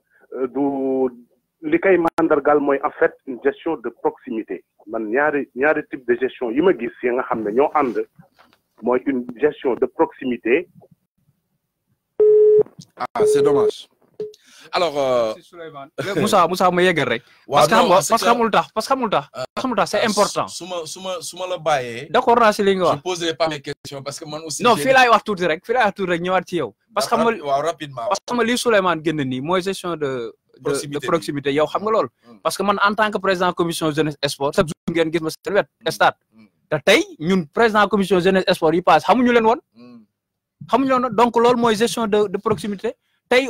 Euh, du li kay mandargal moy en fait une gestion de proximité man ñaari ñaari type de gestion il ma gis yi nga xam ñoo une gestion de proximité. ah c'est dommage. alors. Euh, Moussa Moussa ma yeggal rek. waaw parce que xam nga parce que xamul tax euh, parce que tax c'est important. su ma su ma su ma la bàyyee. wax je poserai wax tuuti rek fii wax tuuti rek ñëwaat ci yow. parce li Souleymane génn nii gestion de. proximité yow xam nga loolu. Hmm. man en tant que président commission jeunesse et sport chaque jour ngeen gis ma hmm. Hmm. tey ñun président commission jeunesse et sport yi paase donc loolu mooy gestion de proximité.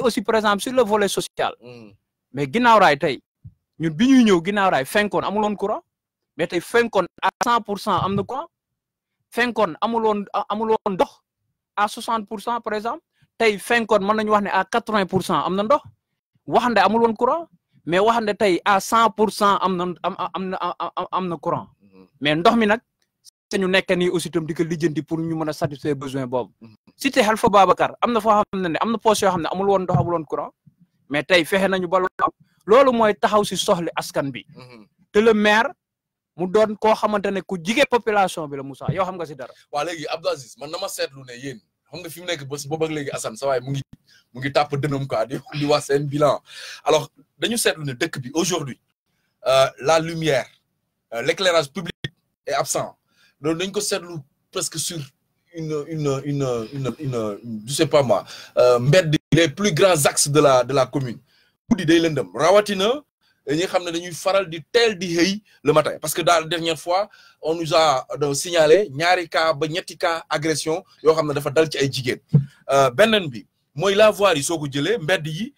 aussi par exemple sur le volet social. Mm. mais qui raay tay ñun bi ñuy ñëw ginnaaw raay fenkoon courant mais tay fenkon à 100% pour quoi fenkon na courant dox à 60% par exemple tay fin mën wax à 80% amna dox cent courant mais waxande tay à 100% amna amna amna courant mm. mais ndox mi te ñu nekk ni aussi tam diko lijeenti pour ñu mëna satisfaire besoin bob ci té halfa babakar amna fo xamna ne amna am na poste yoo xam amul won dox amul won courant mais tay fexé nañu ba lolu moy taxaw ci soxli askan bi mhm. te le maire mu doon ko xamantene ku jige population bi la Moussa yow xam nga ci dara wa légui Abdou man nama sétlu né yeen xam nga fimu nekk bés boobu ak léegi Assane sa way mu ngi mu ngi tap deñum quoi di di wa sen bilan alors dañu sétlu né dëkk bi aujourd'hui euh, la lumière euh, l'éclairage public est absent loolu dañ ko seetlu presque sur une une une une une je sais pas moi euh, mbedd les plus grands axes de la de la commune guddi day lëndëm rawatina ñi nga xam ne dañuy faral di teel di xëy le matin parce que dans la dernière fois on nous a euh, signalé ñaari cas ba ñetti cas agression yoo xam ne dafa dal ci ay jigéen euh, beneen bi mooy la voir, yi soo dit jëlee yi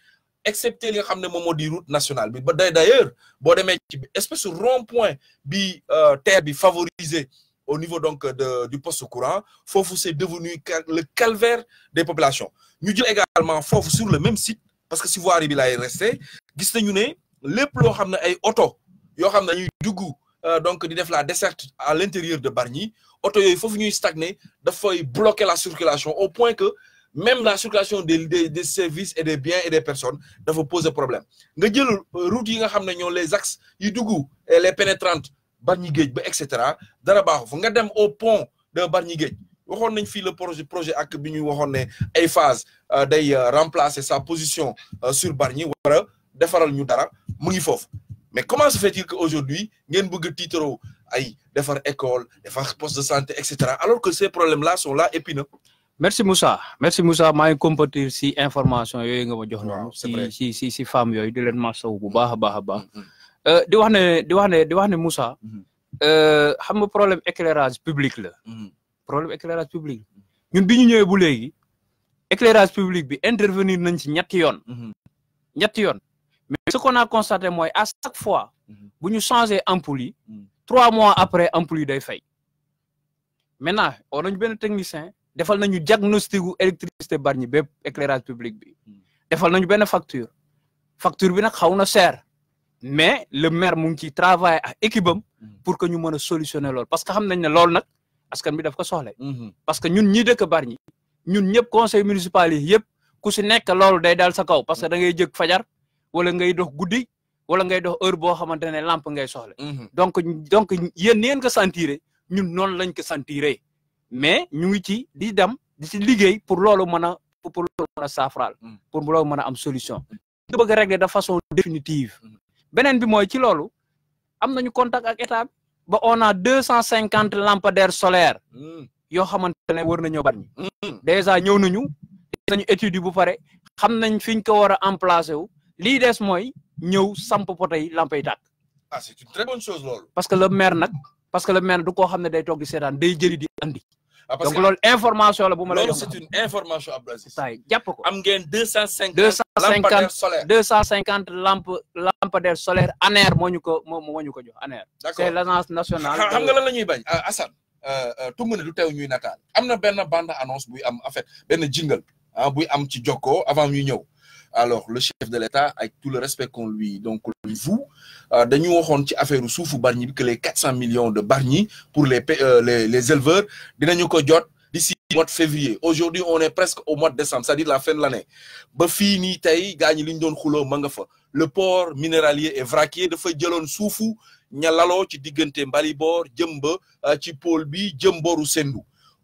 excepté li nga xam ne di route nationale bi ba day d'ailleurs boo demee ci espèce rond point bi terre bi favorisé au niveau donc euh, de, du poste courant Fofu c'est devenu le calvaire des populations Nous disons également Fofu sur le même site parce que si vous arrivez là resté gis nañu Nous disons les xam ay auto yoo euh, donc la desserte à l'intérieur de Barni, auto, il venir ñuy stagner faut bloquer la circulation au point que même la circulation des des services et des biens et des personnes dafa poser problème nga jël euh, route yi les axes yi et les pénétrantes Bargny etc. ba et dara au pont de Barnier. vous avez le projet projet ak vous avez phase euh, de euh, remplacer sa position euh, sur Barnier. war faire defaral ñu dara mais comment se fait-il qu'aujourd'hui, vous avez bëgg tiitaro ay defar école des poste de santé etc. alors que ces problèmes là sont là épineux merci Moussa merci Moussa Je vais compter si information nga si si si si femmes di leen masawu bu mm-hmm. Euh, di wax ne di wax ne di wax ne Moussa. Mhm. Euh, xam nga problème éclairage public la. Mhm. problème éclairage public ñun bi ñu ñëwee bu léegi éclairage public bi intervenir nañ ci ñetti yoon. Mhm. ñetti yoon mais ce qu'on a mooy à chaque fois bu ñu changé ampoule yi trois mois après ampoule yi day fay maintenant oo nañu benn technicien defal nañu diagnostic gu électricité Bargny bépp éclairage public bi defal nañu benn facture facture bi nag xaw na cher. mais le maire mu ngi travailler ak équipe am mm. pour que ñu mëna solutionner lool parce que xam nañ ne loolu nag askan bi daf ko soxlé mm-hmm. parce que ñun ñi dëkk ñi ñun ñëpp conseil municipal yi yëpp ku ci nekk lool day dal sa kaw parce que da ngay jëg fajar wala ngay dox guddi wala ngay dox heure bo xamantene lampe ngay soxlé mm-hmm. donc donc yeen ni ko sentiré ñun non lañ ko sentiré mais ñu ngi ci di dem di ci liggéey pour loolu mëna pour loolu mëna safral mm. pour loolu mëna am solution ñu bëgg régler de façon définitive mm-hmm. beneen bi mooy ci loolu am nañu contact ak état ba on a deux cent cinquante lampadaires solaire hmm. yoo xamante ne war nañoo bat ñi hmm. dèjà ñëw nañu nañu étude yi bu pare xam nañ fiñ ko war a emplacé wu lii des mooy ñëw samp poto yi lampe yi tàkk ah c'est une parce que le maire nag parce que le maire du koo xam ne day toog di day jëli di andi Ah, donc loolu information la bu ma la loolu c'est une information Abdou Aziz jàpp ko am ngeen deux cent cinquante deux cent cinquante lamp lampadaire solaire ANER moo ñu ko moo moo ñu ko jox ANER c'est l'agence nationale ah, xam nga lan la ñuy bañ ah, Assane euh, euh, tungu ne du teew ñuy am na benn bande annonce buy am en fait benn jingle buy am ci jokkoo avant ñuy ñëw alors le chef de l'État avec tout le respect qu'on lui donc lui voue euh, dañu fait ci affaire soufou que les 400 millions de Barni pour euh, les les éleveurs dinañu ko jot d'ici mois de février aujourd'hui on est presque au mois de décembre c'est-à-dire la fin de l'année ba port minéralier est fa le port minéralier est vraquier de jëloon suufu soufou laloo ci diggante Mbaliboor jëm euh, ci pôle bi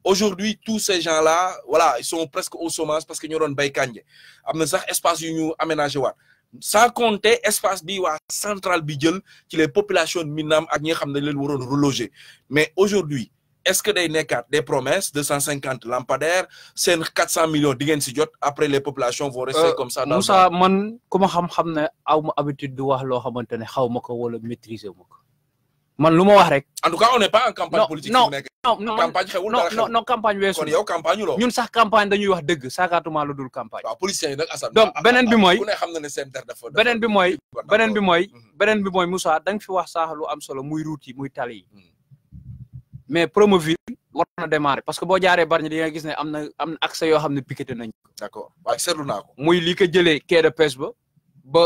aujourd'hui tous ces gens-là voilà ils sont presque au sommet parce que ñu doon bay Ils ont sax espace yu ñu aménagé sans compter espace bi wa centrale bi jël ci les populations de Minam ak ñi nga xam leen reloger mais aujourd'hui est-ce que day a des promesses 250 lampadaires 500, 400 millions di ngeen jot après les populations vont rester euh, comme ça. Moussa man kuma xam habitude wax wala maîtriser man lu ma wax rek. en tout cas on n'est pas en campagne politique. non non campagne ñun sax campagne dañuy wax dëgg saakaatuma lu dul campagne. waaw policiers yi nag Assane. donc beneen bi mooy bi mooy beneen bi mooy. beneen bi fi wax sax lu am solo muy route muy tali yi. Hmm. mais Promoville war na démarrer parce que boo jaaree Bargny di nga gis ne am na am na accès yoo ne piqueté nañ ko. d'accord waaye seetlu ko. muy li ko jëlee quai de ba ba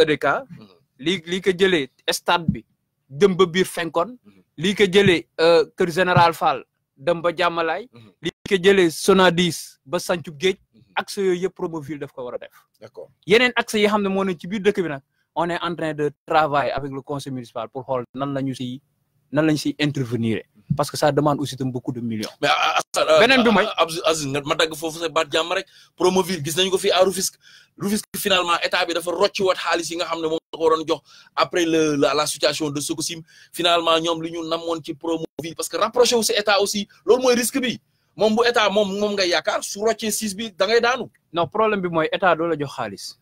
EDK. E hmm. lii lii ko jëlee stade bi. dem ba biir Fenkon mhm. lii ko jëlee euh, kër général Fall dem ba jàmmalaay mhm. lii ko jëlee Sonadis ba sancu géej mhm. accès yooyu yëpp Promoville daf ko war a def d'accord yeneen accès yi xam ne moo ne ci biir dëkk bi nag on est en de travailler avec le conseil municipal pour xool nan la ñu si nan la si intervenir parce que ça demand aussi tam beaucoup de millions. mais ah, ah, beneen bi mooy. Ah, Aziz nga ma dagg foofu sa rek Promoville gis nañu ko fii à Rufisque Rufisque finalement état dafa rocci wat xaalis yi nga xam ne jox après la situation de Sococim finalement ñoom li ñu namoon ci Promoville parce que rapproché wu si état aussi loolu mooy risque bi moom bu état moom moom ngay yaakaar su roccee six bi da ngay daanu. non problème bi mooy état doo jox xaalis.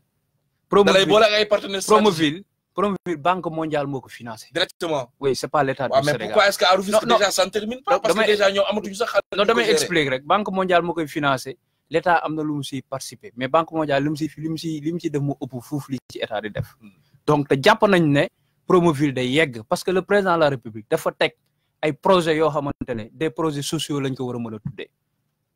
Promoville boole ay partenaires Promoville. Promoville Banque mondiale moko financer directement oui c'est pas l'état du Sénégal mais pourquoi est ce que à déjà ça ne termine pas. parce que déjà a amatuñu sax xaalis. non damay explique rek Banque mondiale moko financer L'état amna lu mu ci participer mais Banque mondiale lu mu si lu mu si lu mu ci def mo upp fouf li ci état di def. Hmm. donc te japp nañ ne Promoville day yegg parce que le président de la République dafa tek ay projets yo xamantene des projets sociaux lañ ko war mëna tuddé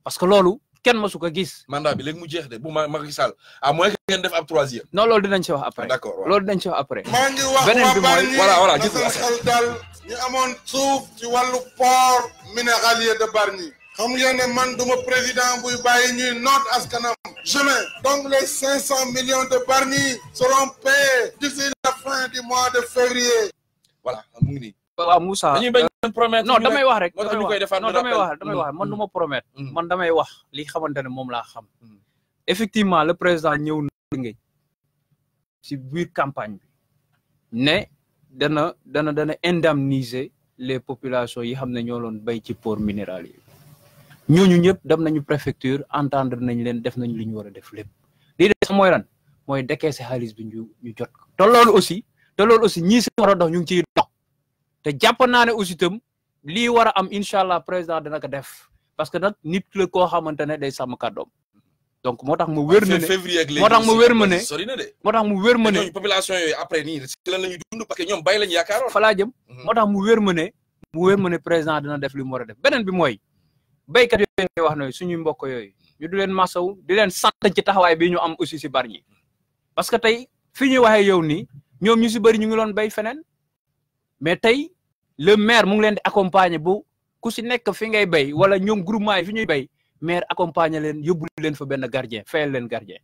parce que lolu kenn masu ko gis. mandat bi léegi mu jeex de bu ma Macky Sall à moins que ngeen def ab troisième. non loolu dinañ ci wax après. d'accord waaw loolu dinañ ci après. maa ngi wax beneen bi mooy voilà voilà gis nga xel dal ñu port minéralier de Bargny. xam ngeen ne man duma président buy bàyyi ñuy noot askanam. jamais donc les cinq cent millions de Bargny seront payés d'ici la fin du mois de février. voilà mu ngi promettre non damay wax rek damay wax non damay wax damay wax man mm. du ma promettre mm. man damay wax li xamante ne moom laa xam mm. effectivement la président ñëw na ngeen ci biir campagne bi ne dana dana dana indemniser les populations yi xam ne ñoo loon béy ci pour minéral yi ñooñu ñëpp dem nañu préfecture entendre nañ leen def nañ li ñu war a def lépp lii des mooy lan mooy dekkee si xaalis bi ñu ñu jot ko aussi te aussi ñii si dox ñu ngi te japp naa ne aussi itam lii war a am incha allah président dana ko def parce que nag nit la koo xamantene day sàmm kàddoom donc moo tax mu wér ma ne moo tax mu wér ma ne sori moo tax mu wér ma ne population yooyu après nii ci lan la ñuy dund parce que ñoom bay lañu yaakaaroon fa laa jëm mhm. moo tax mu wér ma ne mu wér ma ne président dana def li mu war a def beneen bi mooy béykat yooyu ngay wax noonu suñu mbokk yooyu ñu di leen masaw di leen sant ci taxawaay bi ñu am aussi si Bargny parce que tey fi ñuy waxee yow ni ñoom ñu si bëri ñu ngi doon bay feneen mais tey le maire mu ngi leen di accompagner bu ku si nekk fi ngay béy wala ñoom groupement yi fi ñuy béy maire accompagner leen yóbbu leen fa benn gardien fayal leen gardien.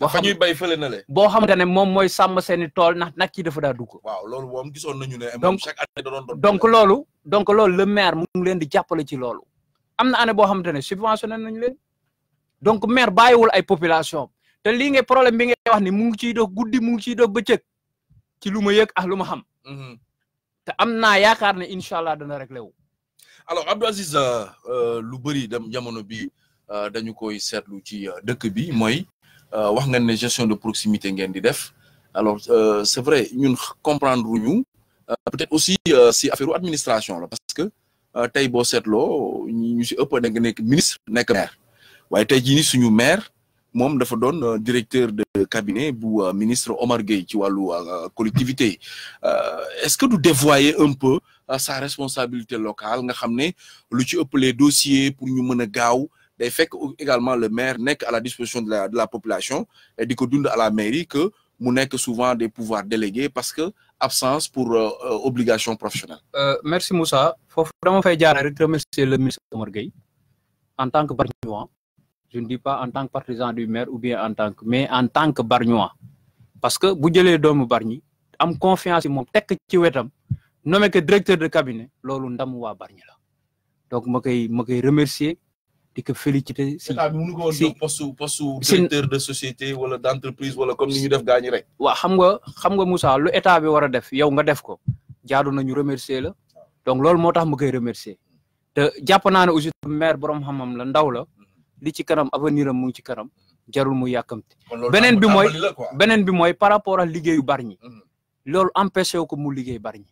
boo xam ñuy béy fële na le. boo xamante ne moom mooy sàmm seeni tool ndax nag ci dafa daa dugg. waaw loolu moom gisoon nañu ne. donc chaque année donc loolu. donc loolu le maire mu ngi leen di jàppale ci loolu. am na année boo xamante ne subventionné nañu leen. donc maire bàyyiwul ay population te lii nga problème bi ngay wax ni mu ngi ciy dox guddi mu ngi ciy dox bëccëg ci lu ma yëg ak lu ma xam. Mhm. te am naa yaakaar ne incha allah dana réglé wu. alors Abdou Aziz euh, euh, lu bëri dem jamono bi euh, dañu koy seetlu ci dëkk bi mooy wax ngeen ne gestion de proximité ngeen di def alors c'est vrai ñun comprendre ñu peut-être aussi si affaire administration la parce que tey boo seetloo ñu si ëpp da nga nekk ministre nekk maire waaye tey jii ni suñu maire. je suis le directeur de cabinet du euh, ministre Omar Gueye ci la euh, collectivité euh, est-ce que vous dévoyez un peu sa responsabilité locale nga xam lu ci les dossiers pour nous mener a gaaw day également le maire n'est à la disposition de la population et di ko dund à la mairie que mu n'êtes souvent des pouvoirs délégués parce que absence pour obligation professionnelle. merci Moussa Il faut fay faire remercier le ministre Omar Gueye en tant que parlementaire je ne dis pas en tant que partisan du maire ou bien en tant que mais en tant que Bargnois parce que bu jëlee doomu Bargny am confiance moom tekk ci wetam nommé que directeur de cabinet loolu ndam wa bargni la donc ma koy ma koy remercier di ko féliciter. si si poste poste directeur de société wala d' entreprise wala comme ni ñu def gaañi rek. wa xam nga xam nga Moussa lu état bi wara a def yow nga def ko jaadu nañu remercier la donc loolu motax tax ma koy remercier te jàpp naa le aussi maire borom xamam la ndaw la. li ci kanam avenir am mu ngi ci kanam jarul mu yàkkamti beneen bi mooy beneen bi par rapport ak liggéeyu Bargny mhm. loolu empêché wu ko mu liggéey Bargny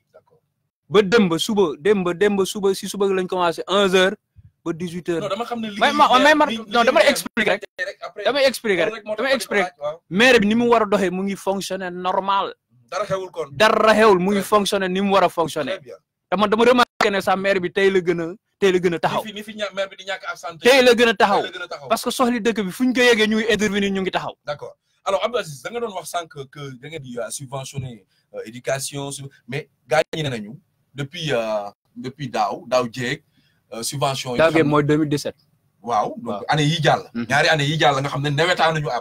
ba démb suba demb demb suba si suba lañ commencé 11h ba 18h. non dama xam ne liggéey non dama expliqué rek damay rek damay expliqué maire bi ni mu war a doxee mu ngi fonctionner normal. dara xewul kon dara xewul mu ngi fonctionner ni mu war a fonctionner. dama dama remarqué kene sa maire bi tey la gën a. te la gën a taxaw tey la gën a parce que soxli dëkk bi fu ñu ko yegee ñu ngi intervenir ñu ngi taxaw d'accord alors Abdou Aziz da nga doon wax sànq que da nga di euh, subventionné euh, éducation mais gars yi nee nañu depuis euh, depuis daaw daaw jéeg subvention yi daaw jéeg mooy 2017 waaw donc année yi jàll mhm. ñaari année yi jàll nga xam ne nawetaa nañu à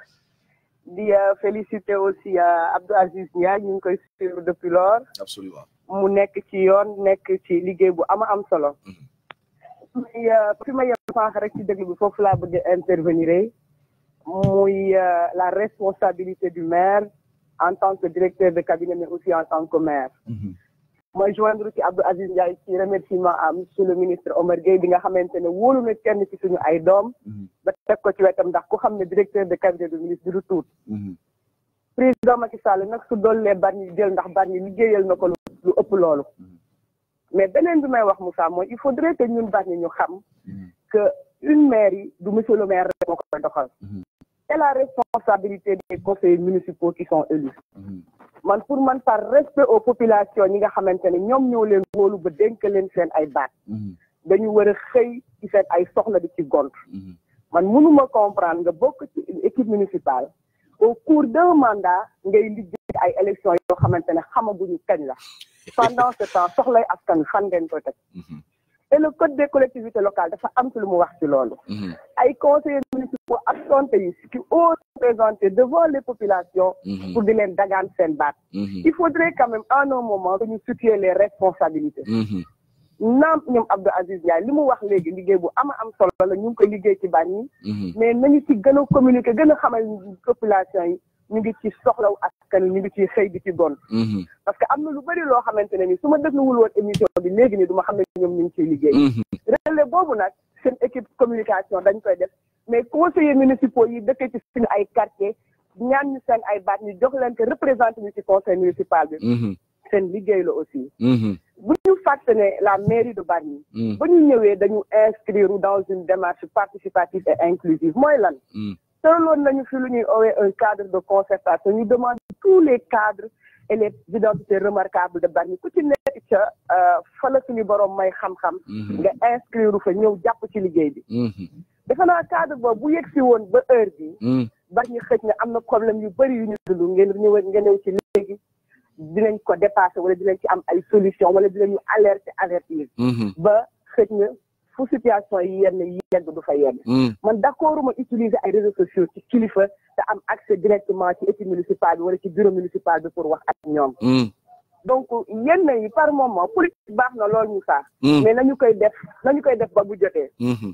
di euh, féliciter aussi euh, Abdou Aziz Ndiaye ñu koy suivre depuis lors. absolument mu nekk ci yoon nekk ci liggéey bu ama am solo. mais mhm. euh, fi ma yem rek ci déglu bi foofu laa bëgg intervenir muy la responsabilité du maire en tant que directeur de cabinet mais aussi en tant que maire. Mhm ma joindre ci Abdou Aziz Ndiaye ci remerciement à monsieur le ministre Omar Gueye bi nga xamante ne wóolu na kenn ci suñu ay doom. Mhm. ba teg ko ci wetam ndax ku xam ne directeur de cabinet du ministre du tuut. Mhm. président Macky Sall nag su dollee Bargny jël ndax Bargny liggéeyal na ko lu ëpp loolu. Mhm. mais beneen bi may wax Moussa mooy il faudrait que ñun Bargny ñu xam. que une mairie du monsieur le maire rek moo koy doxal. c'est la responsabilité des conseillers municipaux qui sont élus. man pour man par respect aux populations ñi nga xamante ne ñoom ñoo leen wóolu ba dénk leen seen ay baat mhm. dañu war a xëy ci seen ay soxla di ci gont mhm. man mënuma comprendre nga bokk ci équipe municipale au cours de mandat ngay liggéey ay élections yoo xamante ne xamaguñu kañ la pendant ce temps soxlay askan fan ngeen ko teg mhm. Et le code des collectivités locales dafa am lu mu wax ci mhm. conseillers municipaux qui ont présenter devant les populations mhm. pour donner des dagaan mhm. il faudrait quand même un moment que nous les responsabilités Abdou Aziz mais communiquer ñu ngi ci soxlaw askan ñu ngi ci xëy bi ci gon mm-hmm. parce que am na lu bëri loo xamante ne ni su ma dégluwul woon émission bi léegi ni du xam ne ñoom ñu ngi ciy liggéey mm-hmm. relais boobu nag seen équipe communication dañ koy def mais conseillers municipaux yi dëkkee ci suñu ay quartier ñaan ñu seen ay baat ñu jox leen ko ñu ci conseil municipal bi mm-hmm. seen liggéey la aussi bu ñu fàtte ne la mairie de Bargny mm. ba ñu ñëwee dañu inscrire dans une démarche participative et inclusive mooy lan mm. tëraloon nañu fi lu ñuy oowee un cadre de concertation ñu demande tous les cadres et les identités remarquables de Bargny ku ci nekk ca euh, fa suñu borom may xam-xam. Mm-hmm. nga inscrire fa ñëw jàpp ci liggéey bi. Mm-hmm. defe naa cadre boo bu yegg si woon ba heure bi mm-hmm. Bargny xëj na am na problème yu bëri yu ñu dund ngeen ñëw nga ñëw ci léegi. dinañ ko dépasser wala dinañ ci am ay solution wala dinañu alerter avertir. ba xëj na. fu situation yi yenn yi yegg du fa yegg mm. man d'accord ma utiliser ay réseaux sociaux ci kilifa te am accès directement ci équipe municipale bi wala ci bureau municipal bi pour wax ak ñoom mm. donc yenn yi par moment politique baax na lool ñu sax mm. mais ñu koy def nañu koy def ba bu jotee mm-hmm.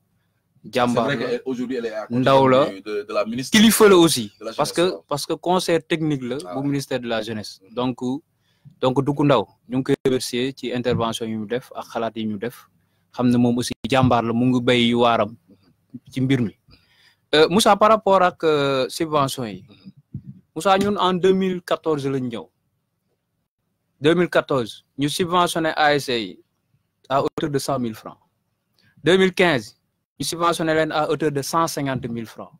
jàmbaar la ndaw la kilifa la aussi parce que parce que conseil technique le au ah ministère de la jeunesse mm. donc donc du ku ndaw ñu ngi koy remercier ci intervention yi ñu def ak xalaat yi ñu def aussi jàmbaar la mu ngi béy waaram ci mbir mi euh, Moussa par rapport ak euh, subvention yi mm-hmm. Moussa ñun en 2014 lañ ñëw 2014 ñu subventionné ASC e à hauteur de 100 000 francs 2015 nous subventionnons à hauteur de 150 000 francs.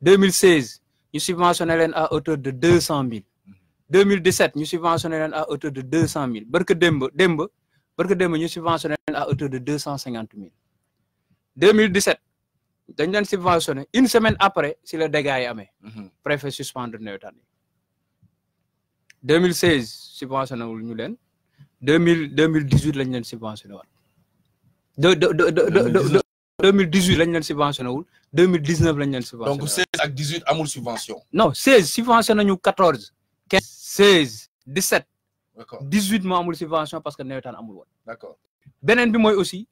2016, nous subventionnons à hauteur de 200 000. 2017, nous subventionnons à hauteur de 200 000. nous subventionnons à hauteur de 250 000. 2017, nous avons une semaine après si le dégât est amé. Mm-hmm. Préfet suspendre le 2016, subventionnons 2018, nous avons subventionné 2018 lañ leen subventionné 2019 lañ leen subvention. donc 16 à 18 amul subvention. non 16 subventionné nañu 14. 15 16 17. 18 moo amul subvention parce que nous amul woon. D'accord. D'accord bi moy aussi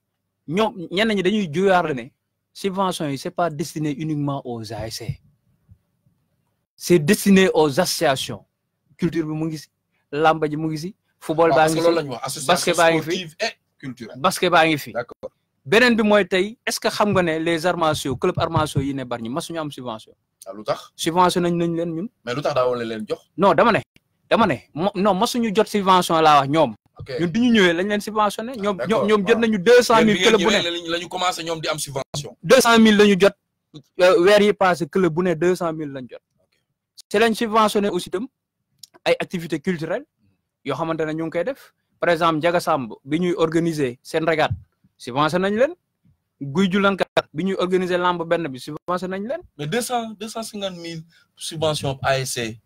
ñom ñen ñi dañuy juyaar ne subvention yi pas destiné uniquement aux ASC. C'est destiné aux associations culture bi mu ngi si ngi football baa ngi et basket ngi fi basket beneen bi tey est-ce que xam nga ne les arts martiaux club arts martiaux yi ne Bargny masuñu am subvention. ah subvention nañ nañ leen ñun. mais lu tax daawoon na leen jox. non dama ne dama ne non masuñu jot subvention laa wax ñoom. ñun bi ñu ñëwee lañ leen subventionné. Ah, ñoom ñoom ñoom jot nañu deux cent mille. club bu ne la ñu commencé ñoom di am subvention. deux cent mille la ñu jot euh, weer yi passé club ne deux cent mille lañ jot. ci lañ subventionné aussi itam ay activités culturelles mm. yoo xamante ne ñu ngi koy def par exemple Ndiaga Samb bi ñuy organiser seen régate. subvention nañ len guy julankaat bi ñuy organiser lamb ben bi subvention nañ len mais 200, 250 000. subvention ASC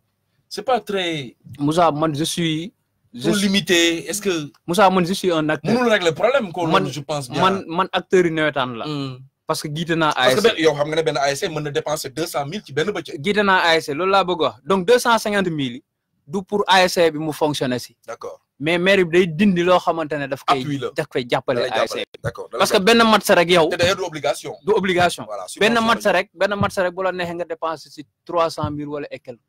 c'est pas très. Moussa man je suis. je suis limité est-ce que. Moussa man je suis un acteur. règle le problème ko man je pense bien man man acteur yu nawetaan la. Hmm. parce que jiite naa ASC parce que ben, yow xam nga ben ASC mën na dépenser deux cent ci ben bëccëg. jiite naa ASC loolu la bëgg wax donc 250 000. du pour ASC bi mu fonctionner si. d'accord. mais maire bi day dindi loo xamante ne daf koy koy jàppale e. parce que benn match rek yow du obligation du obligation benn match rek benn match rek bu la neexee nga dépense si trois cent mille wala et quelque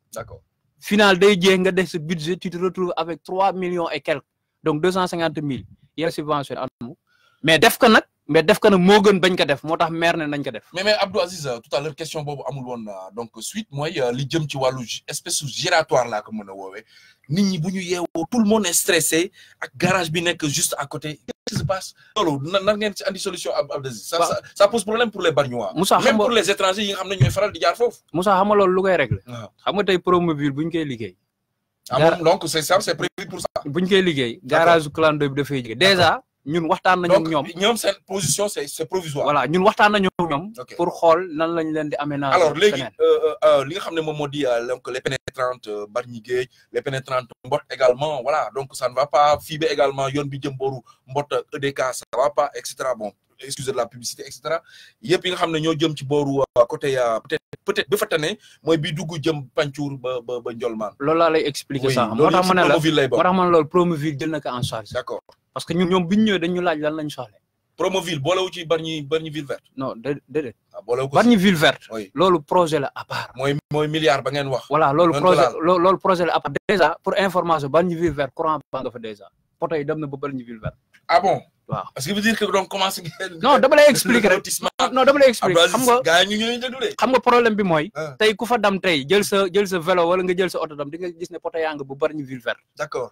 final day jeex nga def sa budget tu te retrouves avec trois millions et quelque donc deux cent cinquante mille yéen subvention amu mais def ka nag mais def ko mo moo gën bañ ko def motax mer maire ne nañ ko def. mais mais Abdou Aziz euh, tout à l'heure question bobu amul won euh, donc suite mooy euh, li jëm ci walu espèce giratoire là ko mën a woowee nit ñi buñu yéwo tout le monde est stressé ak garage bi nek juste à côté. qu'est-ce qui se passe loolu nan ngeen ci andi solution Abdou Aziz. ça ça pose problème pour les Bargnois. Moussa xam même pour les étrangers yi nga xam ñoy faral di jaar Moussa xam nga loolu lu koy régler. Ah. xam nga tay Promovilles bu koy liggéey. Ah, donc c'est ça c'est prévu pour ça. buñ koy liggéey. garage clando bi fay jóge déjà ñun ñoom position c'est provisoire. voilà ñun pour nan lañ leen di aménager. alors léegi euh, euh, euh, li nga donc les pénétrantes les pénétrantes Mbot également voilà donc ça ne va pas fii également bi jëm e ça va pas etc. bon excusez la publicité etc. cetera nga côté peut être peut être bi fa dugg jëm ba ba expliquer. ça la parce que ñun ñoom bu ñu ñëwee dañu laaj lan lañ soxla. Promoville boolewu ci Bargny Bargny ville verte. non déedéet. ah boolewu ko Bargny ville verte. loolu projet la à part. mooy mooy milliard ba ngeen wax. voilà loolu projet loolu projet la à part déjà pour information Bargny ville verte courant ba nga fa déjà poto yi dem na ba Bargny ville verte. ah bon. waaw parce que veut dire que donc commencé ngeen. non dama lay expliquer rek non dama lay expliquer ah, bah, xam nga gars ñu ñu ngi leen xam nga problème bi mooy. Ah. tey ku fa dam tey jël sa jël sa vélo wala nga jël sa oto dam di nga gis ne poto yaa nga bu Bargny ville verte. d'accord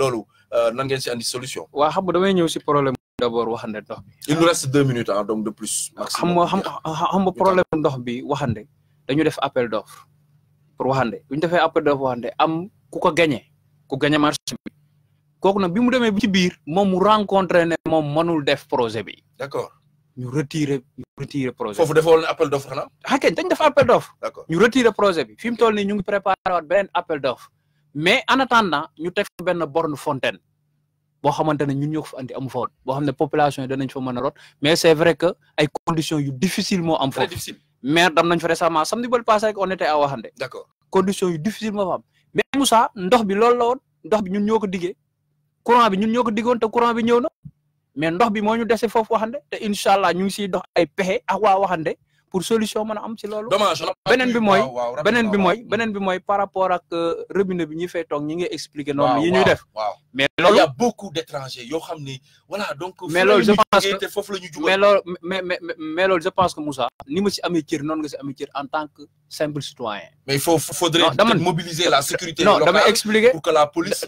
loolu euh, nan ngeen ci andi solution. wa xam nga damay ñew ci problème d'abord abord waxande ndox bi. il nous reste 2 minutes hein, donc de plus. xam nga xam nga problème ndox bi waxande dañu def appel d' pour waxande bu ñu defee appel d' offre waxande am ku ko gagné ku gagné marché bi kooku nag bi mu demee ci biir moom mu rencontré ne moom mënul def projet bi. d' accord ñu retiré ñu retiré projet bi. foofu defoo woon appel d' offre xanaa. ah dañ def appel d' offre. d' accord ñu retiré projet bi fi mu toll nii ñu ngi préparé waat beneen appel d' offre. mais en attendant ñu teg benn borne fontaine boo xamante ne ñun ñoo ko amu fa woon boo xam ne population yi danañ fa mën a rot mais c' est vrai que ay conditions yu difficile moo am foofu mais dam nañ fa récemment samedi bal passé rek on était à Waxande d' accord conditions yu difficile moo fa am mais Moussa ndox bi loolu la woon ndox bi ñun ñoo ko diggee courant bi ñun ñoo ko diggoon te courant bi ñëw na mais ndox bi moo ñu dese foofu Waxande te incha allah ñu ngi siy dox ay pexe ak waa Waxande pour solution mën am ci loolu. benen bi moy benen bi moy benen bi moy par rapport ak euh, robinet bi ñi fay tok ñi ngi expliquer non yi ñuy def. mais lolu il y a beaucoup d'étrangers yo xamni ne voilà donc. mais lolu je pense que foofu la ñu mais lolu mais mais mais je pense que Moussa. ni ma ci amee cër non nga ci amee cër en tant que simple citoyen. mais il faut faudrait mobiliser la sécurité non damay expliquer pour que la police.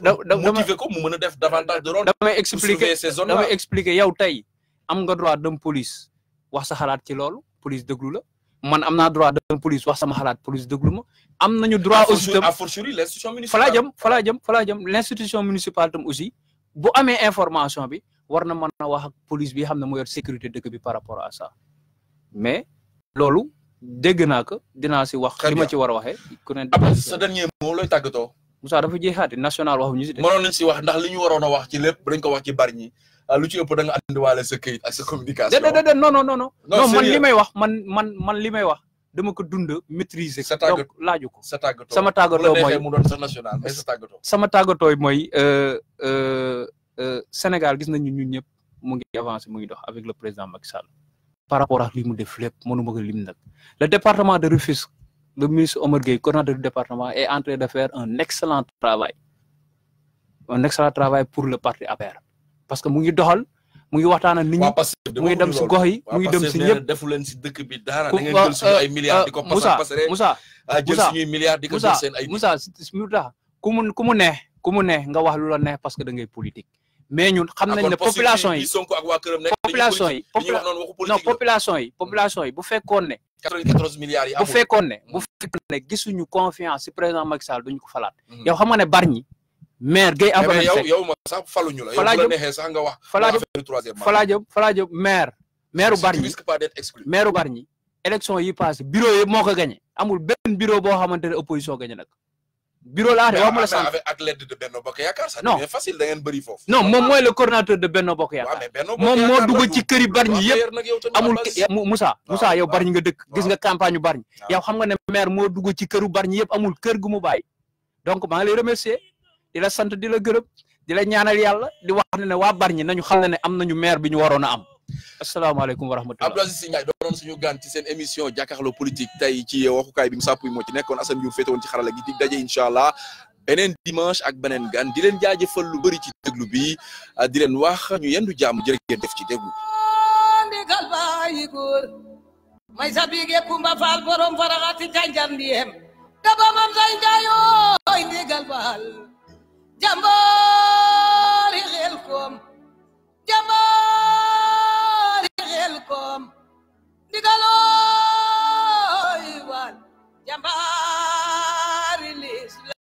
motivé ko mu mën def davantage de rôle. damay expliquer damay expliquer yow tay am nga droit dem police wax sa xalat ci lolu police déglu la man am naa droit dem police wax sama xalaat police déglu ma am nañu droit aussi tam à fortiori jëm falaa jëm l'institution municipale tam aussi bu amee information bi war na mën a wax police bi xam ne moo yor sécurité dëkk bi par rapport à ça mais loolu dégg naa ko si wax li war a waxee ku ne sa dernier mot looy tàggatoo Moussa dafa jeexaati national waxuñu si si wax ndax li ñu waroon a wax ci lépp Ah, lu ci ëpp da nga and andiwaale sa këyit ak sa communication. déedéet déedéet non non non non. non man limay wax man man man limay wax. dama ko dund maîtriser. sa tagato laaju ko. sa tagato sama tagato moy mu doon sa national mais sa tagato sama tagato moy euh euh euh Sénégal gis nañu ñun ñëpp mu ngi avancer mu ngi dox avec le président Macky Sall. par rapport à li mu def lepp mënu ma ko lim nak le département de Rufisque le ministre Omar Gueye coordonnateur du département est en train de faire un excellent travail un excellent travail pour le parti APR parce que mu ngi doxal mu ngi waxtaan ak nit ñi mu ngi dem ci gox yi mu ngi dem ci ñëpp defu leen ci dëkk bi dara da ngeen jël suñu ay milliards di ko passé passé Moussa jël suñu milliards di jël seen ay Moussa Moussa ku mu ku mu neex ku mu neex nga wax lu la neex parce que da ngay politique mais ñun xam nañ ne population yi population yi non population yi population yi bu fekkoon ne bu fekkoon ne bu fekkoon ne gisuñu confiance si président Macky Sall duñ ko falaat yow xam nga ne Bargny maire Guèye eh, Abdoulaye Seck yow ma sax faluñu la yow la neexee sax nga wax falaa jëm falaa maire maireu Bargny maireu Bargny élection yi passé bureau yëpp moo ko gagné amul benn bureau boo xamante ne opposition gagné nag bureau laa wax ma la sant ak l'aide de Benno Bokk Yaakaar ça devient facile da ngeen bëri foofu non moom mooy le coordonnateur de Benno Bokk Yaakaar moom moo dugg ci këri Bargny yëpp amul Moussa Moussa yow Bargny nga dëkk gis nga campagne yu Bargny yow xam nga ne maire moo dugg ci këru Bargny yëpp amul kër gu mu bàyyi donc maa ngi di la sant di la gërëm di la ñaanal yàlla di wax ne ne waa Bargny nañu xam ne ne am nañu maire bi ñu waroon a am asalaamaaleykum wa rahmatulah Abdou Aziz Sy Ndiaye doonoon suñu gan ci seen émission jàkkaarloo politique tey ci waxukaay bi mu Pouye moo ci nekkoon Assane Diouf féetewoon ci xarala gi di daje incha allah beneen dimanche ak beneen gan di leen jaajëfal lu bari ci déglu bi di leen wax ñu yendu jàmm jërë ngeen def ci déglu may sa ge kumba fal borom faraxati canjam ndiyem dabamam say njaayooy ndigal jamboori xel koom jamboori xel koom ndigalooy waal jambaar